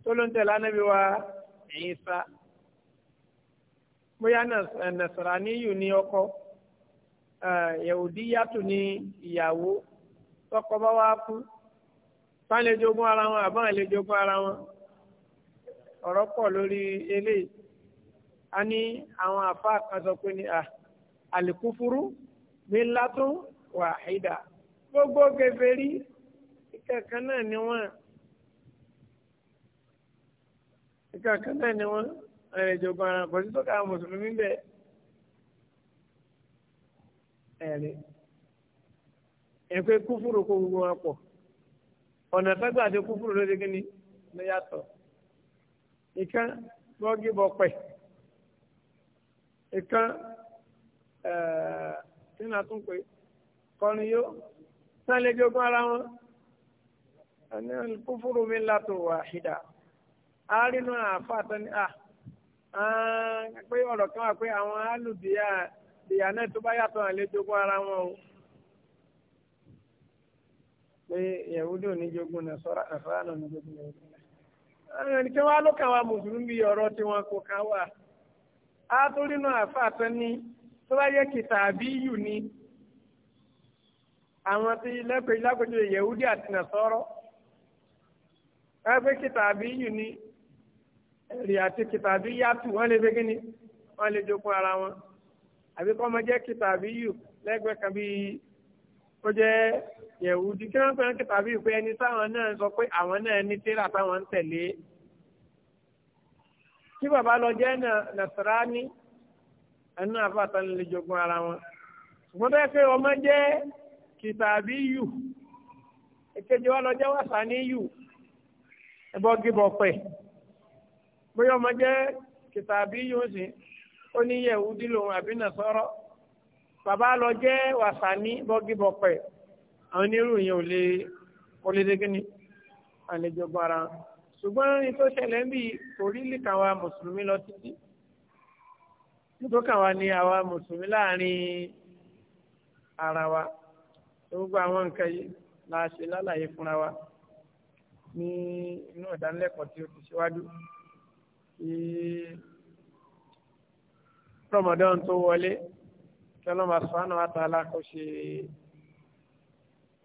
tó ló ń tẹ̀lé anábì wa Ìsá bóyá nasọ́raníyù ní ọkọ yahudiyatu ní ìyàwó tọkọ bá wá kú fáńlẹ̀ jogún ara wọn àbá lè jogún ara wọn ọ̀rọ̀ pọ̀ lórí eléyìí a ní àwọn àfa kan sọ pé ní àlìkúfúrú ah, millatun wahida gbogbo kèfèrí ìkẹ̀kẹ́ náà ni wọ́n ìkẹ̀kẹ́ náà ni wọ́n ẹ̀rẹ̀ jogún ara bọ̀ sí tọ́ka mùsùlùmí bẹ́ẹ̀ ẹ̀rẹ̀ ẹ̀pẹ́ kúfúrú kó gbogbo wọn pọ̀ ọ̀nà tágbà àti kúkúrú ló dé kí ni ló yàtọ̀ ìkan gbọ́gí bọ̀pẹ̀ ìkan eh, nínú àtúnpè kọrin yó sálẹ̀ jogún ara wọn àní kúfúrú mi látò wàhídà àárínú àfàtọ́ ni à pé ọ̀rọ̀ kan wà pé àwọn alùbíyà ìyànà tó bá yàtọ̀ àlejò jogún ara wọn o pé yẹ̀wúdí ò ní jogún náà sọ́ra àfárá náà ní jogún yẹ̀wúdí náà. àwọn ẹni tí wọ́n á lókàn wa mùsùlùmí ọ̀rọ̀ tí wọ́n kò kàn wà á tó nínú àfáà ní tó bá yẹ kìtà àbí yù ni àwọn tí lẹ́pẹ̀ẹ́ lágbèjọ yẹ̀wúdí àti nàṣọ́rọ́ ẹgbẹ́ kìtàbí yù ni ẹ̀rì àti kìtàbí yàtù wọ́n lè fi gíní wọ́n lè jogún ara wọn àbí kọ́ ọmọ jẹ́ kìtàbí yù lẹ́gbẹ̀ẹ́ kan bíi ó jẹ́ yẹ̀wùdí kí wọ́n fẹ́ràn kẹta bíi pé ẹni táwọn náà sọ pé àwọn náà ní tírà táwọn ń tẹ̀lé tí bàbá lọ jẹ́ nàṣàrání ẹnu àfàtàn lè jogun ara wọn ṣùgbọ́n bẹ́ẹ̀ pé ọmọ jẹ́ kìtàbí yù èkejì wa lọ jẹ́ wàsá ní yù ẹbọ gíbọ̀ pẹ̀ bóyá ọmọ jẹ́ kìtàbí yù sí ó ní àbí nàṣọ́rọ́ bàbá lọ jẹ́ wàsání bọ́gìbọ̀pẹ̀ àwọn onírú yẹn ò lè kò lè dégé ni àlejò gbára ṣùgbọ́n ní tó ṣẹlẹ̀ ń bí orílẹ̀ kan mùsùlùmí lọ títí nítorí kan ni àwa mùsùlùmí láàrin ara wa gbogbo àwọn nǹkan yìí la ṣe lálàyé fúnra wa ní inú ìdánilẹ́kọ̀ọ́ tí o ti ṣíwájú kí Ramadan tó wọlé sọlọ́mà sọ́nà àtàlà kò ṣe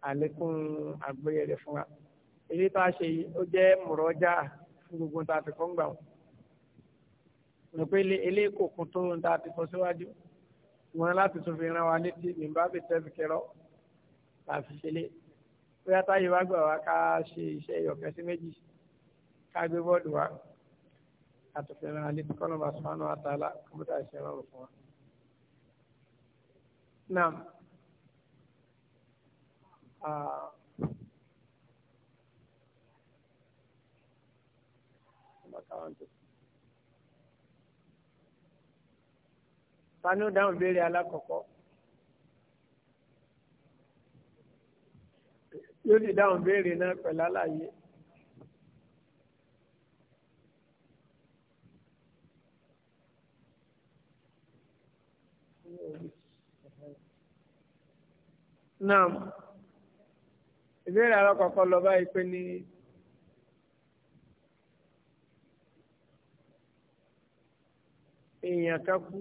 àlékún àgbóyè rẹ̀ fún wa èyí tá a ṣe yìí ó jẹ́ mọ̀rọ́jà fún gbogbo tá a ti kọ́ ń gbà wọ́n rò pé eléyìí kò kún tó ń ti kọ́ síwájú wọn láti tún fi ran wa létí nígbà bí tẹ́sí kẹrọ láti ṣe lé bóyá táyé wá gbà wá ká ṣe iṣẹ́ ìyọ̀kẹ́ sí méjì ká gbé bọ́ọ̀dù wa àtòfin ran wa létí kọ́nà bá sọ́nà àtàlà kọ́mọ́tà ìṣẹ́ rọrùn fún wa. Naam. Uh, ah. Tani ó dáhùn ìbéèrè alákọ̀ọ́kọ́. Yóò sì dáhùn ìbéèrè náà pẹ̀lú àlàyé. náà ìbéèrè alákọ̀ọ́kọ́ lọ báyìí pé ní. èèyàn kan kú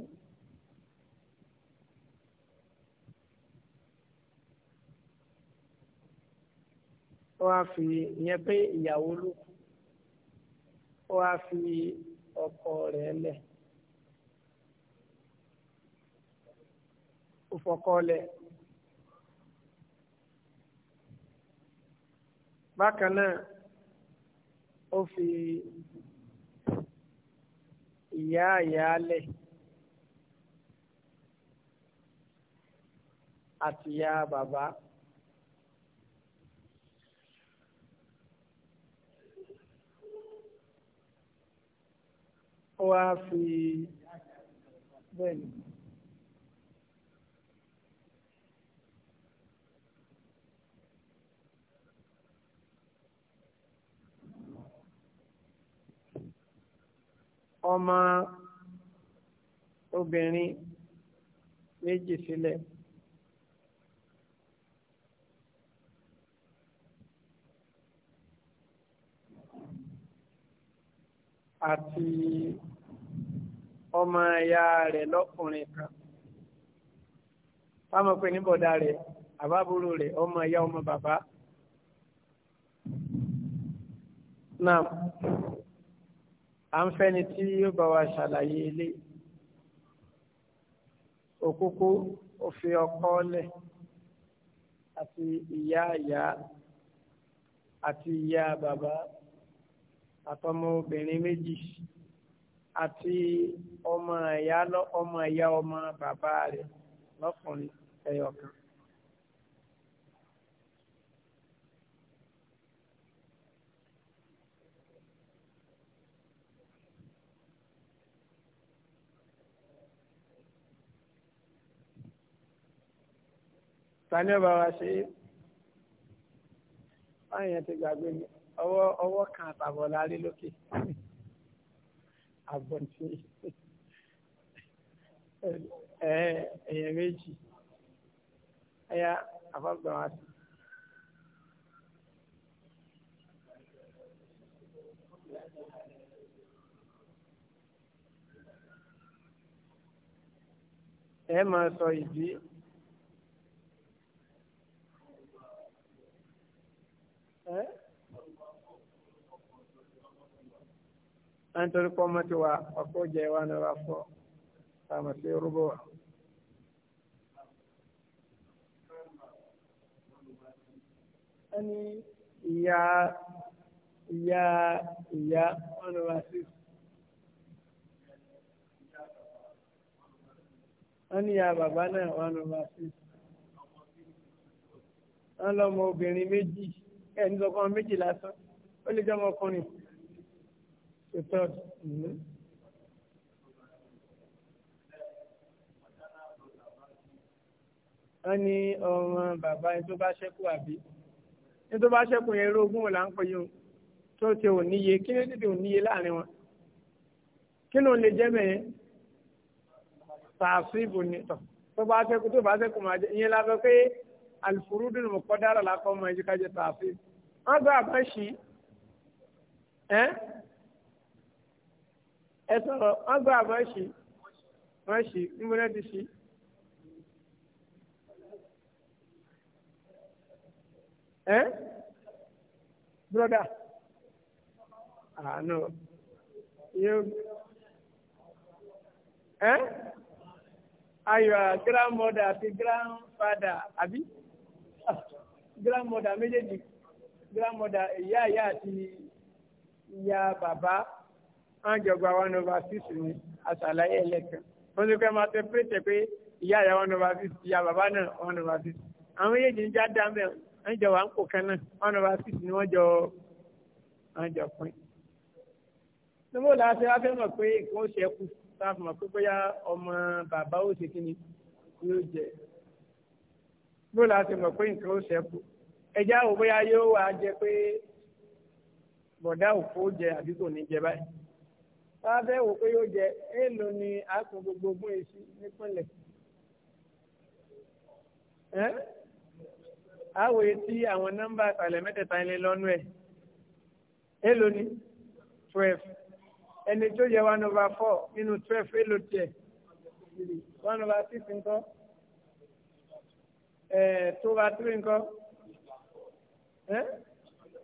wọ́n á fi ìyẹn pé ìyàwó ló kú wọ́n á fi ọkọ rẹ̀ lẹ̀ ó fọkọ lẹ̀. bákan náà ó fi ìyá àyálẹ̀ àti ìyá bàbá. ó wá fi bẹ́ẹ̀ ni. ọmọ obìnrin méjì sílẹ̀. àti ọmọ ẹ̀yà rẹ̀ lọ́kùnrin kan fáwọn pé níbọ̀dá rẹ̀ àbábúrò rẹ̀ ọmọ ẹ̀yà ọmọ bàbá náà à ń fẹ́ni tí ó bá wa ṣàlàyé ilé òkókó ó fi ọkọ lẹ̀ àti ìyá ìyá àti ìyá bàbá àtọmọ obìnrin méjì àti ọmọ ìyá ọmọ bàbá rẹ̀ lọ́kùnrin ẹyọkan. tani ọba wa ṣe é báyẹn ti gbàgbé mi ọwọ́ ọwọ́ kan àtàbọ̀ lárí lókè àbọ̀ntì ẹ̀yẹ̀ méjì ẹ̀yà àfọ̀gbà wa sí. ẹ máa sọ ìdí. à ń torí pọ́ mọ́tò wa ọkọ̀ jẹ́ wa ni wa fọ́ àmọ̀ sí rúbọ wa. ẹni ìyá ìyá ìyá one over six. wọ́n ní ìyá bàbá náà ẹni lọ́kàn méjì lásán ó lè jẹ́ ọmọkùnrin the third. Mm-hmm. wọ́n ní ọmọ bàbá ẹni tó bá ṣẹ́kù àbí ẹni tó bá ṣẹ́kù yẹn rógún ọ̀la ń pè yóò tó ti ò níye kí ló dìde ò níye láàrin wọn kí ló lè jẹ́ mẹ́yẹn tààfíìbù ni tọ̀ tó bá ṣẹ́kù tó bá ṣẹ́kù máa jẹ́ ìyẹn la fẹ́ pé alfurudu ni mọ̀kọ́dára lápá ọmọ ẹ̀jú kájẹ tààfin wọ́n gba àbá ṣí ẹ́ ẹ sọ̀rọ̀ wọ́n gba àbá ṣí wọ́n ṣí níbo náà ti ṣí. ẹ́ broda àánú yóò ẹ́ ayọ̀ grandmother àti father, àbí grandmother méjèèjì grandmother ìyá ìyá àti ìyá bàbá àjọgbà one over six ni àṣàlàyé ẹlẹ́kan wọ́n ti pẹ́ máa tẹ péréte pé ìyá ìyá one over six ìyá bàbá náà one over six àwọn méjèèjì ń já dá mẹ́rin wọ́n jọ wà ń kó kan náà one over six ni wọ́n jọ wọ́n jọ pín. níbo làásẹ̀ wá fẹ́ mọ̀ pé nǹkan ó ṣẹ́kù tá a fọ̀ mọ̀ pé bóyá ọmọ bàbá ó ṣe kí ni yóò jẹ bó la ti mọ̀ pé nǹkan ó ṣẹ́kù ẹja ò bóyá yóò wá jẹ pé bọ̀dá òfó jẹ àbí kò ní jẹ báyìí wọ́n á bẹ́ẹ̀ wò pé yóò jẹ èèlò ni a kún gbogbo ogún èsì nípínlẹ̀ àwọ̀ etí àwọn nọ́mbà ìpàlẹ̀ mẹ́tẹ̀ẹ̀ta ilé lọ́nú ẹ̀ èèlò ni twelve ẹni tó yẹ one over four nínú twelve èèlò tiẹ̀ one over six nǹkan tóba tiri nkọ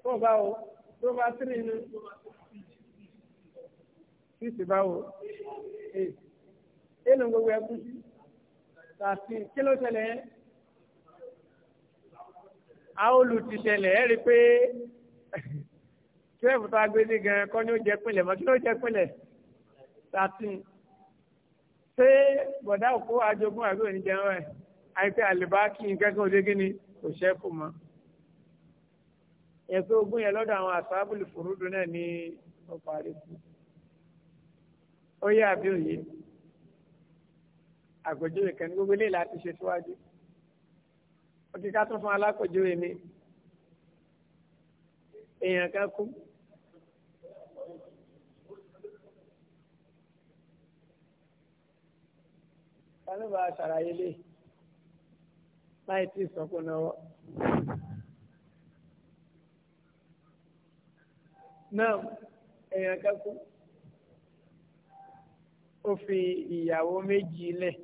kó bá wo tóba tiri ni sísì bá wo ẹnu gbogbo ẹkú sí tàbí kí ló ṣẹlẹ̀ yẹn àwọn olùtìṣẹlẹ̀ ẹ̀ rí i pé twelve tá a gbé ní gan kọ́ ni ó jẹ́ pinlẹ̀ mọ́ kí ló jẹ́ pinlẹ̀ thirteen ṣé bọ̀dá òkú àjogún àbí òní jẹun ẹ̀ àìpé àlìbákì nǹkankan òde gíní kò ṣẹ́kù mọ́. ẹ̀sùn ogún yẹn lọ́dọ̀ àwọn àsábùlù fòrúdù náà ní ọkọ̀ àríkù. ó yẹ àbí òye àgbẹ̀jọ́wé kan ní gbogbo ilé láti ṣe síwájú. òkìká tún fún alákòjọ́wé mi èèyàn kan kú. ta ló bá a ṣàlàyé láì tí ì sọ́kún náwó. náà èèyàn kẹ́kọ̀ọ́ ó fi ìyàwó méjì lẹ̀.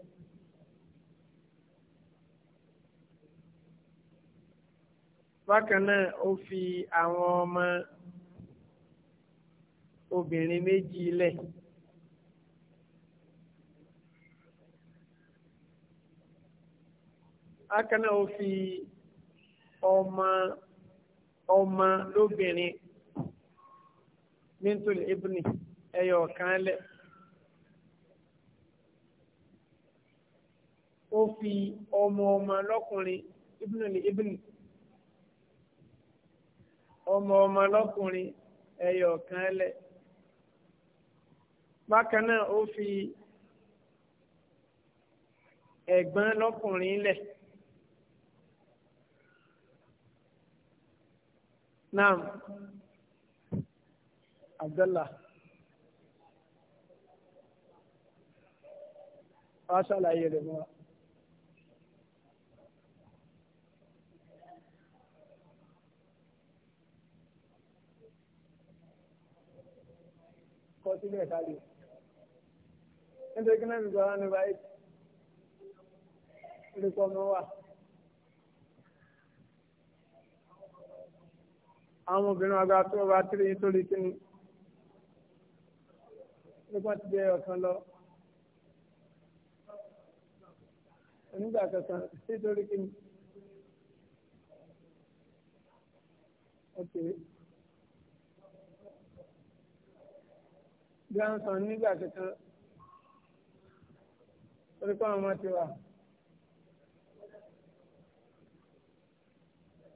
bákan náà ó fi àwọn ọmọ obìnrin méjì lẹ̀. akana ó fi ọmọ ọmọ lóbìnrin mintul ibni ẹyọ kan lẹ ó fi ọmọ ọmọ lọ́kùnrin ibnul ibni ọmọ ọmọ lọ́kùnrin ẹyọ kan lẹ bákan náà ó fi ẹ̀gbọ́n lọ́kùnrin naam abdallah wàá ṣàlàyé rẹ̀ mọ́. kọ sílẹ̀ kálí nítorí kí náà ń gbọ́ wọn ní báyìí nítorí kọ́ ọmọ wà. àwọn obìnrin àgbà tó bá tírì nítorí kíni nípa ti jẹ ọ̀kan lọ onígbà kankan nítorí kíni. Okay. grandson nígbà kankan torí pé àwọn ọmọ ti wà.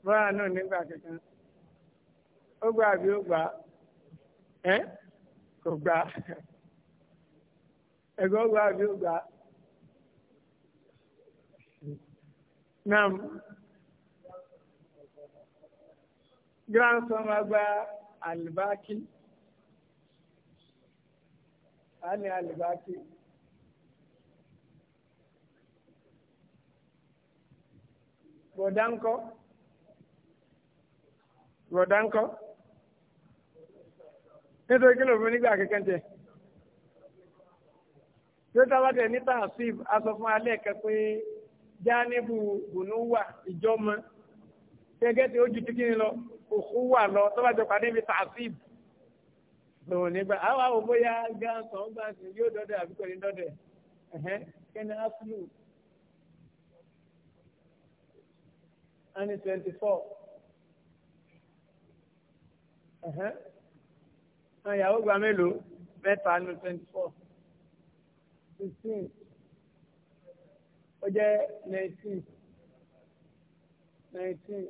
Bọ́lá náà nígbà kankan. ó gbà àbí e, gbà ego kò gbà ẹ̀gbọ́n na m Nam grandson wa alibaki a alibaki. Bọ̀dá ńkọ́? nítorí kí ló fi nígbà kẹ́kẹ́ ń tẹ̀. tó tábà tẹ̀ ní tàṣíf aṣọ fún alẹ́ kan jáníbù bùnúwà ìjọmọ gẹ́gẹ́ tí ó ju tí kìíní lọ òkú wà lọ tó bá jọ pàdé mi lòun nígbà àwọn àwọn bóyá gáàsán gbàǹsì yóò dọ́dẹ̀ àbí kò ní dọ́dẹ̀ kẹ́ni ẹni twenty four àwọn ìyàwó gba mélòó mẹ́ta ní twenty four fifteen ó jẹ́ nineteen nineteen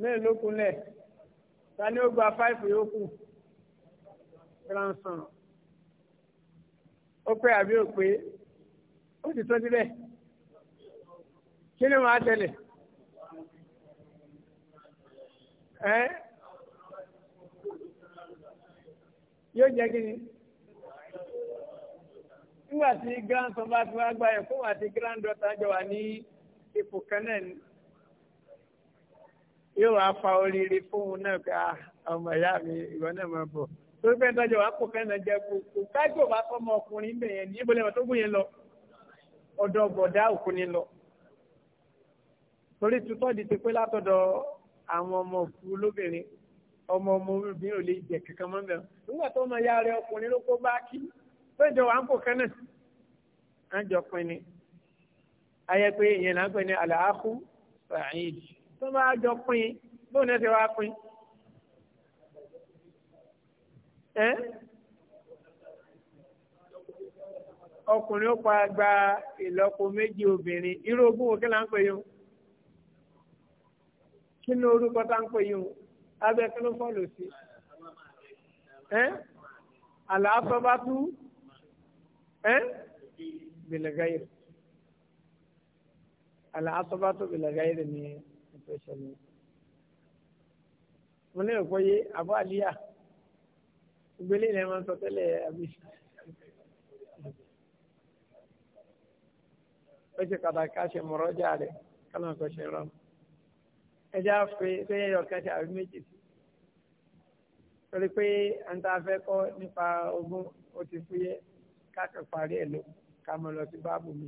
mélòó ló kúnlẹ̀ ta ni ó gba five yòókù grandson ó pé àbí ó pé ó ti tọ́ síbẹ̀ kí ni wọ́n á tẹ̀lé ẹ́. yóò jẹ́ kí ni nígbà tí grandson bá ti wá gba ẹ̀ fún àti granddaughter jọ wà ní ipò kan ni yóò wá fa oríire fún un náà ká ah, ọmọ ìyá mi ìwọ náà máa bọ̀ torí pé ìtọ́jú wa pò kan náà jẹ́ kó kó kájú ò bá fọmọ ọkùnrin bẹ̀ yẹn ní lẹ́wọ̀n tó gùn yẹn lọ ọ̀dọ̀ bọ̀dá òkúni lọ torí tutọ́ di ti pé látọ̀dọ̀ àwọn ọmọ òkú lóbìnrin ọmọ ọmọ obìnrin ò lè jẹ kankan mọ́ bẹ́ẹ̀ nígbà tó ọmọ ya rẹ ọkùnrin ló kó bá kí péjọ wà ń bò kánà á jọ pin ni ayẹ pé ìyẹn là ń pè ní àlàáhù sàáyid tó bá jọ pin bóun náà ti wá pin. ọkùnrin ó pa gba ìlọ́po méjì obìnrin irú ogún wo kí là ń pè yín kí ni orúkọ tá ń pè yín abẹ́ kí ló fọ́ọ̀lù sí ẹ́ àlàáfọ́ bá tú ẹ́ bìlẹ̀gáyìrì àlàáfọ́ bá tú bìlẹ̀gáyìrì ní ìfẹsẹ̀lẹ̀ mo ní òpó yé àbọ̀ àlíyà ìgbélé ilẹ̀ máa ń sọ tẹ́lẹ̀ àbí. ó ṣe pàtàkì ká ṣe mọ̀rọ́jà rẹ̀ ká náà ṣe rọrùn ẹjẹ́ àfẹ́ sẹ́yìn ọ̀kan ṣe àbí méjì sí torí pé àǹtá fẹ́ kọ́ nípa ogún ó ti fúyẹ́ káàkiri parí ẹ̀ ló ká mọ́ lọ sí báàbù mi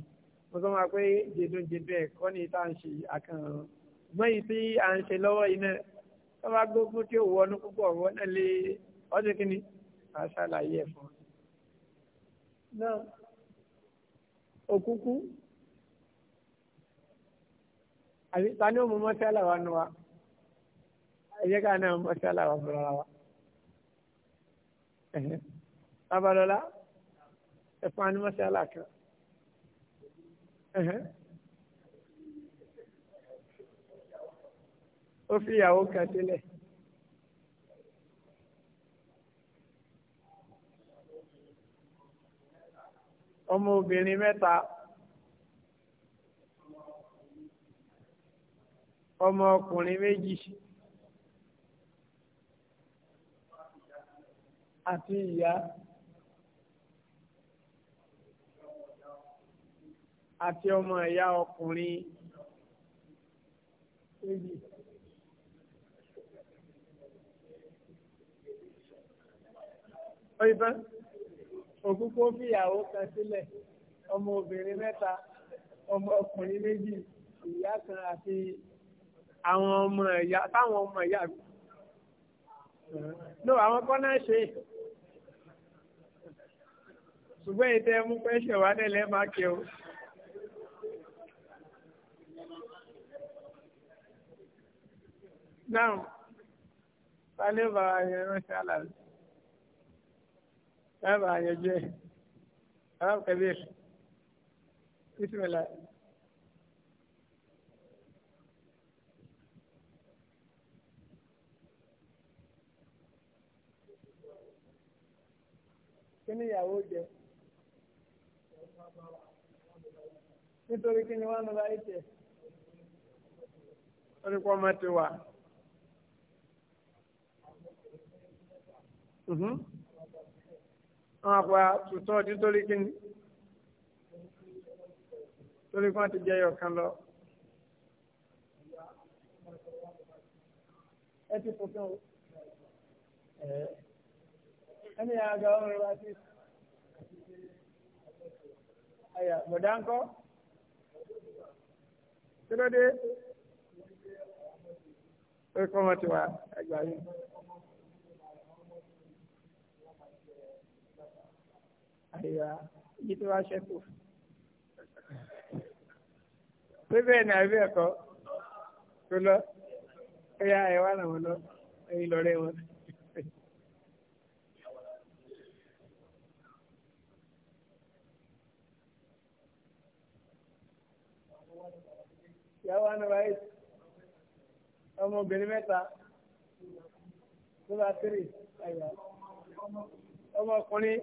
mo sọ ma pé jẹdúnjẹdú ẹ̀ kọ́ ni tá à ń ṣe àkànràn ṣùgbọ́n yìí tí à ń ṣe lọ́wọ́ yìí náà tó bá gbógun tí ò wọnú púpọ̀ wọ́n náà lè ọdún kínní à ṣàlàyé ẹ̀ fún ọ. náà òkúkú àbí ta ni ó mú mọ́sálà wa nu wa ẹ̀yẹ́ ká náà mọ́sálà wa fúnra wa. Babalọ́lá ẹ fún wa ní kan. Ó fi ìyàwó kan sílẹ̀. Ọmọ obìnrin mẹ́ta. ọmọ ọkùnrin méjì àti ìyá àti ọmọ ìyá ọkùnrin méjì. Oyinba, òkúkú fìyàwó kan sílẹ̀, ọmọ obìnrin mẹ́ta, ọmọ ọkùnrin méjì, ìyá kan àti ìyá àwọn ọmọ ẹ̀yà táwọn ọmọ ẹ̀yà no àwọn kọ́ náà ṣe ṣùgbọ́n ètò ẹmú pẹ́ ṣẹ̀wá nílẹ̀ máa kí o. náà sálẹ̀ bá yẹn ránṣẹ́ àlàyé sábà yẹn jẹ́ arákùnrin bíi bísí mi láti. kí ni ìyàwó jẹ nítorí kí ni wọ́n lọ láyé jẹ lórí pọ́ ọmọ ti wà. Mhm. Wọ́n àpá tuntun ọdún torí kí ni torí kí wọ́n ti jẹ́ ọ̀kan lọ. Ẹ ti fòfin o ẹni àgbà ọmọ wa sí. Àyà bọ̀dá ń kọ́. Kí ló dé? Ó kọ́ ọmọ tiwa ẹgbàá yìí. Àyà ibi tí wàá ṣẹ́kù. Pé bẹ́ẹ̀ àbí ẹ̀kọ́ tó lọ. Ó yá ẹ̀ wá ràn lọ. Ẹ̀yin lọ rẹ̀ wọ́n. ìyàwó anaba eight ọmọbìnrin mẹ́ta lọ́ba three àyà ọmọkùnrin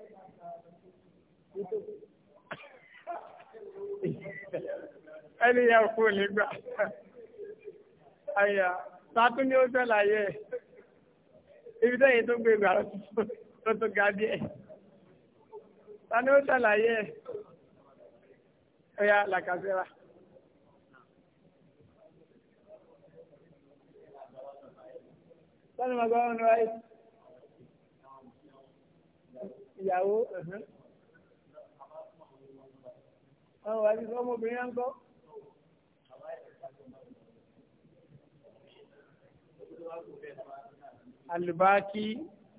ẹni yẹn kú nígbà àyà sátún ni ó ṣàlàyé ibi tẹ́yìn tó gbé ìgbà tó tó ga díẹ̀ ta ni ó ṣàlàyé ẹ̀yà làkàṣẹ́ra. sani ma gbọ́dọ̀ ní wáyé ìyàwó wọn wà ní ọmọbìnrin yẹn ń kọ́. alùbákí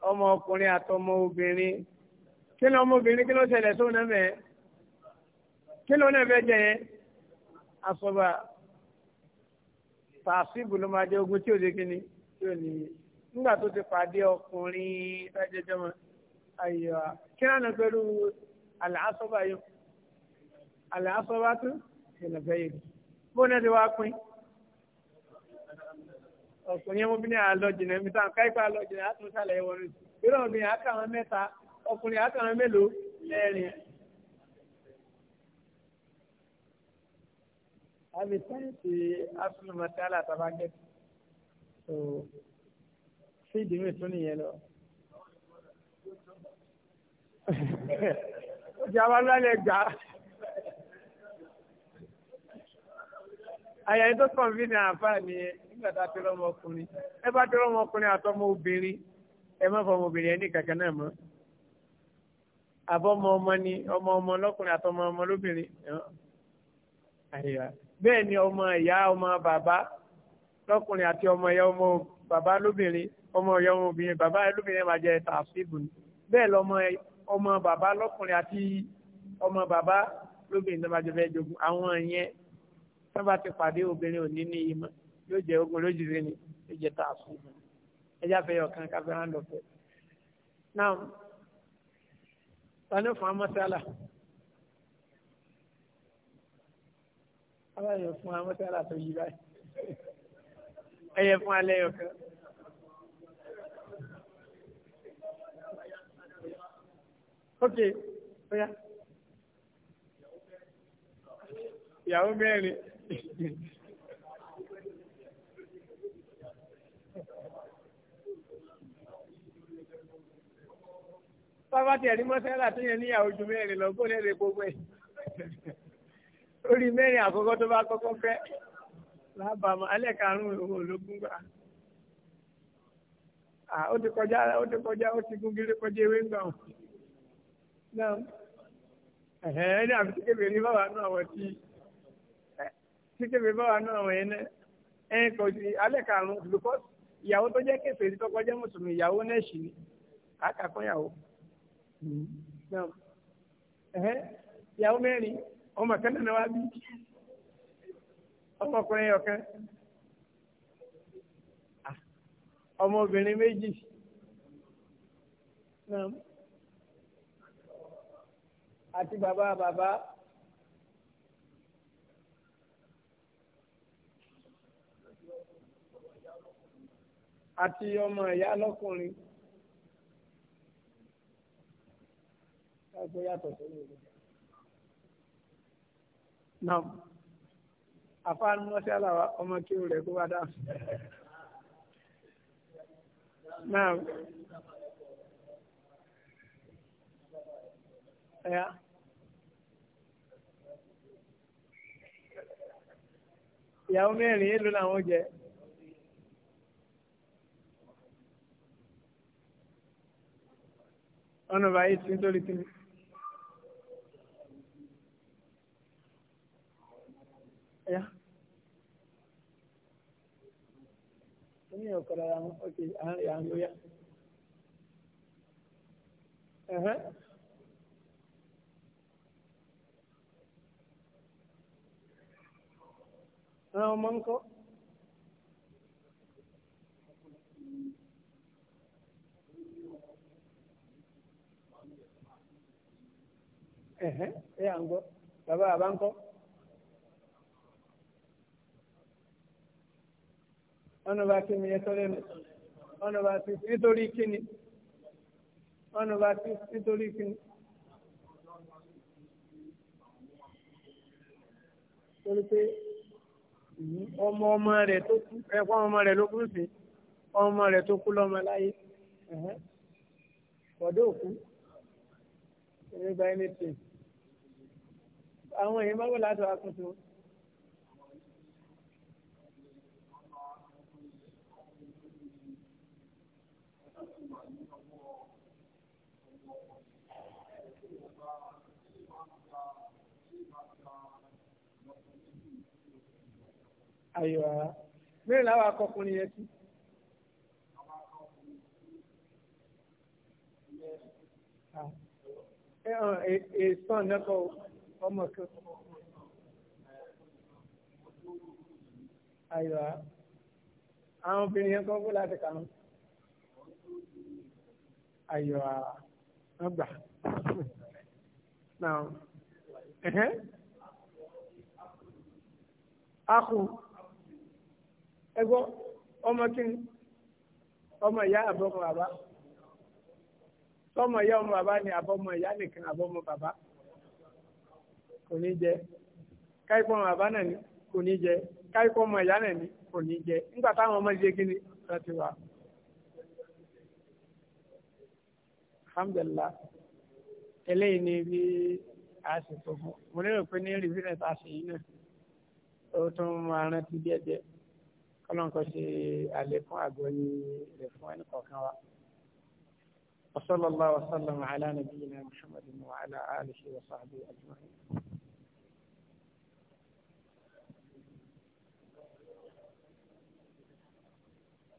ọmọ ọkùnrin àtọmọ obìnrin kí ló ọmọbìnrin kí ló ṣẹlẹ̀ sóun náà mẹ́ẹ̀ kí ló náà fẹ́ jẹ yẹn asọ́ba tààsìbù ló máa jẹ ogun tí ò dé kíni tí ò níye nígbà tó ti pàdé ọkùnrin tájẹjọmọ ayọ kí náà pẹ̀lú àlàásọba yọ àlàásọba tó ìlàfẹ yìí bó náà ti wá pín ọkùnrin yẹn mo bí ní àlọjìnà mi táwọn káyipá àlọjìnà àtúntàlẹ wọn ni ìrọ obìnrin àkàwọn mẹ́ta ọkùnrin àkàwọn mélòó lẹrin. àbí sáyẹ̀nsì asúnmọ̀tálà tàbá gẹ̀ẹ́sì sí ìdíwé tún nìyẹn lọ. ó ti àwọn alálẹ̀ gbà á. àyà yìí tó kàn fí ni àǹfààní yẹn nígbà tá a ti rọmọ ọkùnrin ẹ bá ti rọmọ ọkùnrin àtọmọ obìnrin ẹ má fọmọ obìnrin ẹni kankan náà mọ àbọmọ ọmọ ni ọmọ ọmọ lọkùnrin àtọmọ ọmọ lóbìnrin bẹ́ẹ̀ ni ọmọ ìyá ọmọ bàbá lọkùnrin àti ọmọ ìyá ọmọ bàbá lóbìnrin ọmọ ọ̀yọ́ ọmọ obìnrin bàbá ẹlòmíràn máa jẹ tàṣíbù ni bẹ́ẹ̀ lọ́mọ ọmọ bàbá lọ́kùnrin àti ọmọ bàbá lóbìnrin náà máa jẹ bẹ́ẹ̀ jogún àwọn yẹn tó bá ti pàdé obìnrin òní ní ìmọ̀ yóò jẹ ogun lójijì ni yóò jẹ tàṣíbù ẹjá fẹ́ yọ kan káfẹ́ hàn lọ́fẹ́. náà tani fún amọ́sálà aláyọ̀ fún amọ́sálà tó yí báyìí ẹyẹ fún alẹ́ yọ kan. ok bóyá ìyàwó mẹ́rin. bábá tiẹ̀ ní mọ́sálà tó yẹ níyàwó ju mẹ́rin lọ bó lẹ́rẹ̀ gbogbo ẹ̀ orí mẹ́rin àkọ́kọ́ tó bá kọ́kọ́ fẹ́ lábàámọ̀ alẹ́ karùn-ún òun ológun gbà ó ti kọjá ó ti kọjá ó ti gún gírí kọjá ewé ń gbà wọn. náà ẹ̀hẹ́n ní àfi a ní báwa náà wọ̀ tí tíkébè báwa náà wọ̀ yẹn náà ẹ̀ kò sí alẹ́ karùn-ún because ìyàwó tó jẹ́ kéfèé tí tọ́kọ jẹ́ mùsùlùmí ìyàwó náà ṣì ní eh, ah, ọmọbìnrin àti bàbá bàbá. àti ọmọ ìyá lọ́kùnrin. Ẹgbẹ́ yàtọ̀ sórí Nà àfáàní wọ́n sí ọmọ kí o rẹ̀ kó wá dáhùn. ẹ̀yà. ìyàwó mẹ́rin èlò làwọn jẹ. ọ̀nà báyìí tí nítorí tí mi. ẹ̀yà. ní ọ̀kadà àwọn ọ̀kẹ́ àwọn ìyàwó yá. ẹ̀hẹ́. àwọn ọmọ ń kọ́. ẹ̀hẹ́ ẹ̀ à ń gbọ́ bàbá bàbá ń kọ́. ọ̀nà bá ti mi yẹ sọ́lẹ̀ mi ọ̀nà bá ti nítorí e kíni ọ̀nà bá ti nítorí e kíni. torí ọmọ ọmọ rẹ̀ tó kú ẹ̀kọ́ ọmọ rẹ̀ ló kú sí ọmọ rẹ̀ tó kú lọ́mọ láyé ọ̀dọ́ òkú ẹ̀rẹ́ bá ẹni tì àwọn èèyàn bá wọ̀ látọ̀ akúntò. ayọ̀ ara mẹ́rin láwọn akọkùnrin yẹn sí. èsàn nẹ́kọ̀ ọmọ kan ayọ̀ ara àwọn obìnrin yẹn kọ́ fún láti kàn án ayọ̀ ara wọ́n gbà. Now, uh-huh ẹgbọ́ ọmọ kí ni ọmọ ìyá àbọ̀mọ bàbá tọmọ ìyá ọmọ bàbá ni àbọ̀mọ ìyá nìkan àbọ̀mọ bàbá kò ní jẹ káyipọ̀ ọmọ bàbá náà ni kò ní jẹ káyipọ̀ ọmọ ìyá náà ni kò ní jẹ nígbà táwọn ọmọ ṣe kí ni láti wà. alhamdulillah eléyìí ni bí a ṣe tó fún mo lérò pé ní rìvírẹ̀ tá ṣe yìí náà ó tún máa rántí díẹ̀ díẹ̀ ọlọ́run kò ṣe àlékún àgbọ́yé rẹ̀ fún ẹnì kọ̀ọ̀kan wa. وصلى الله وسلم على نبينا محمد وعلى آله وصحبه أجمعين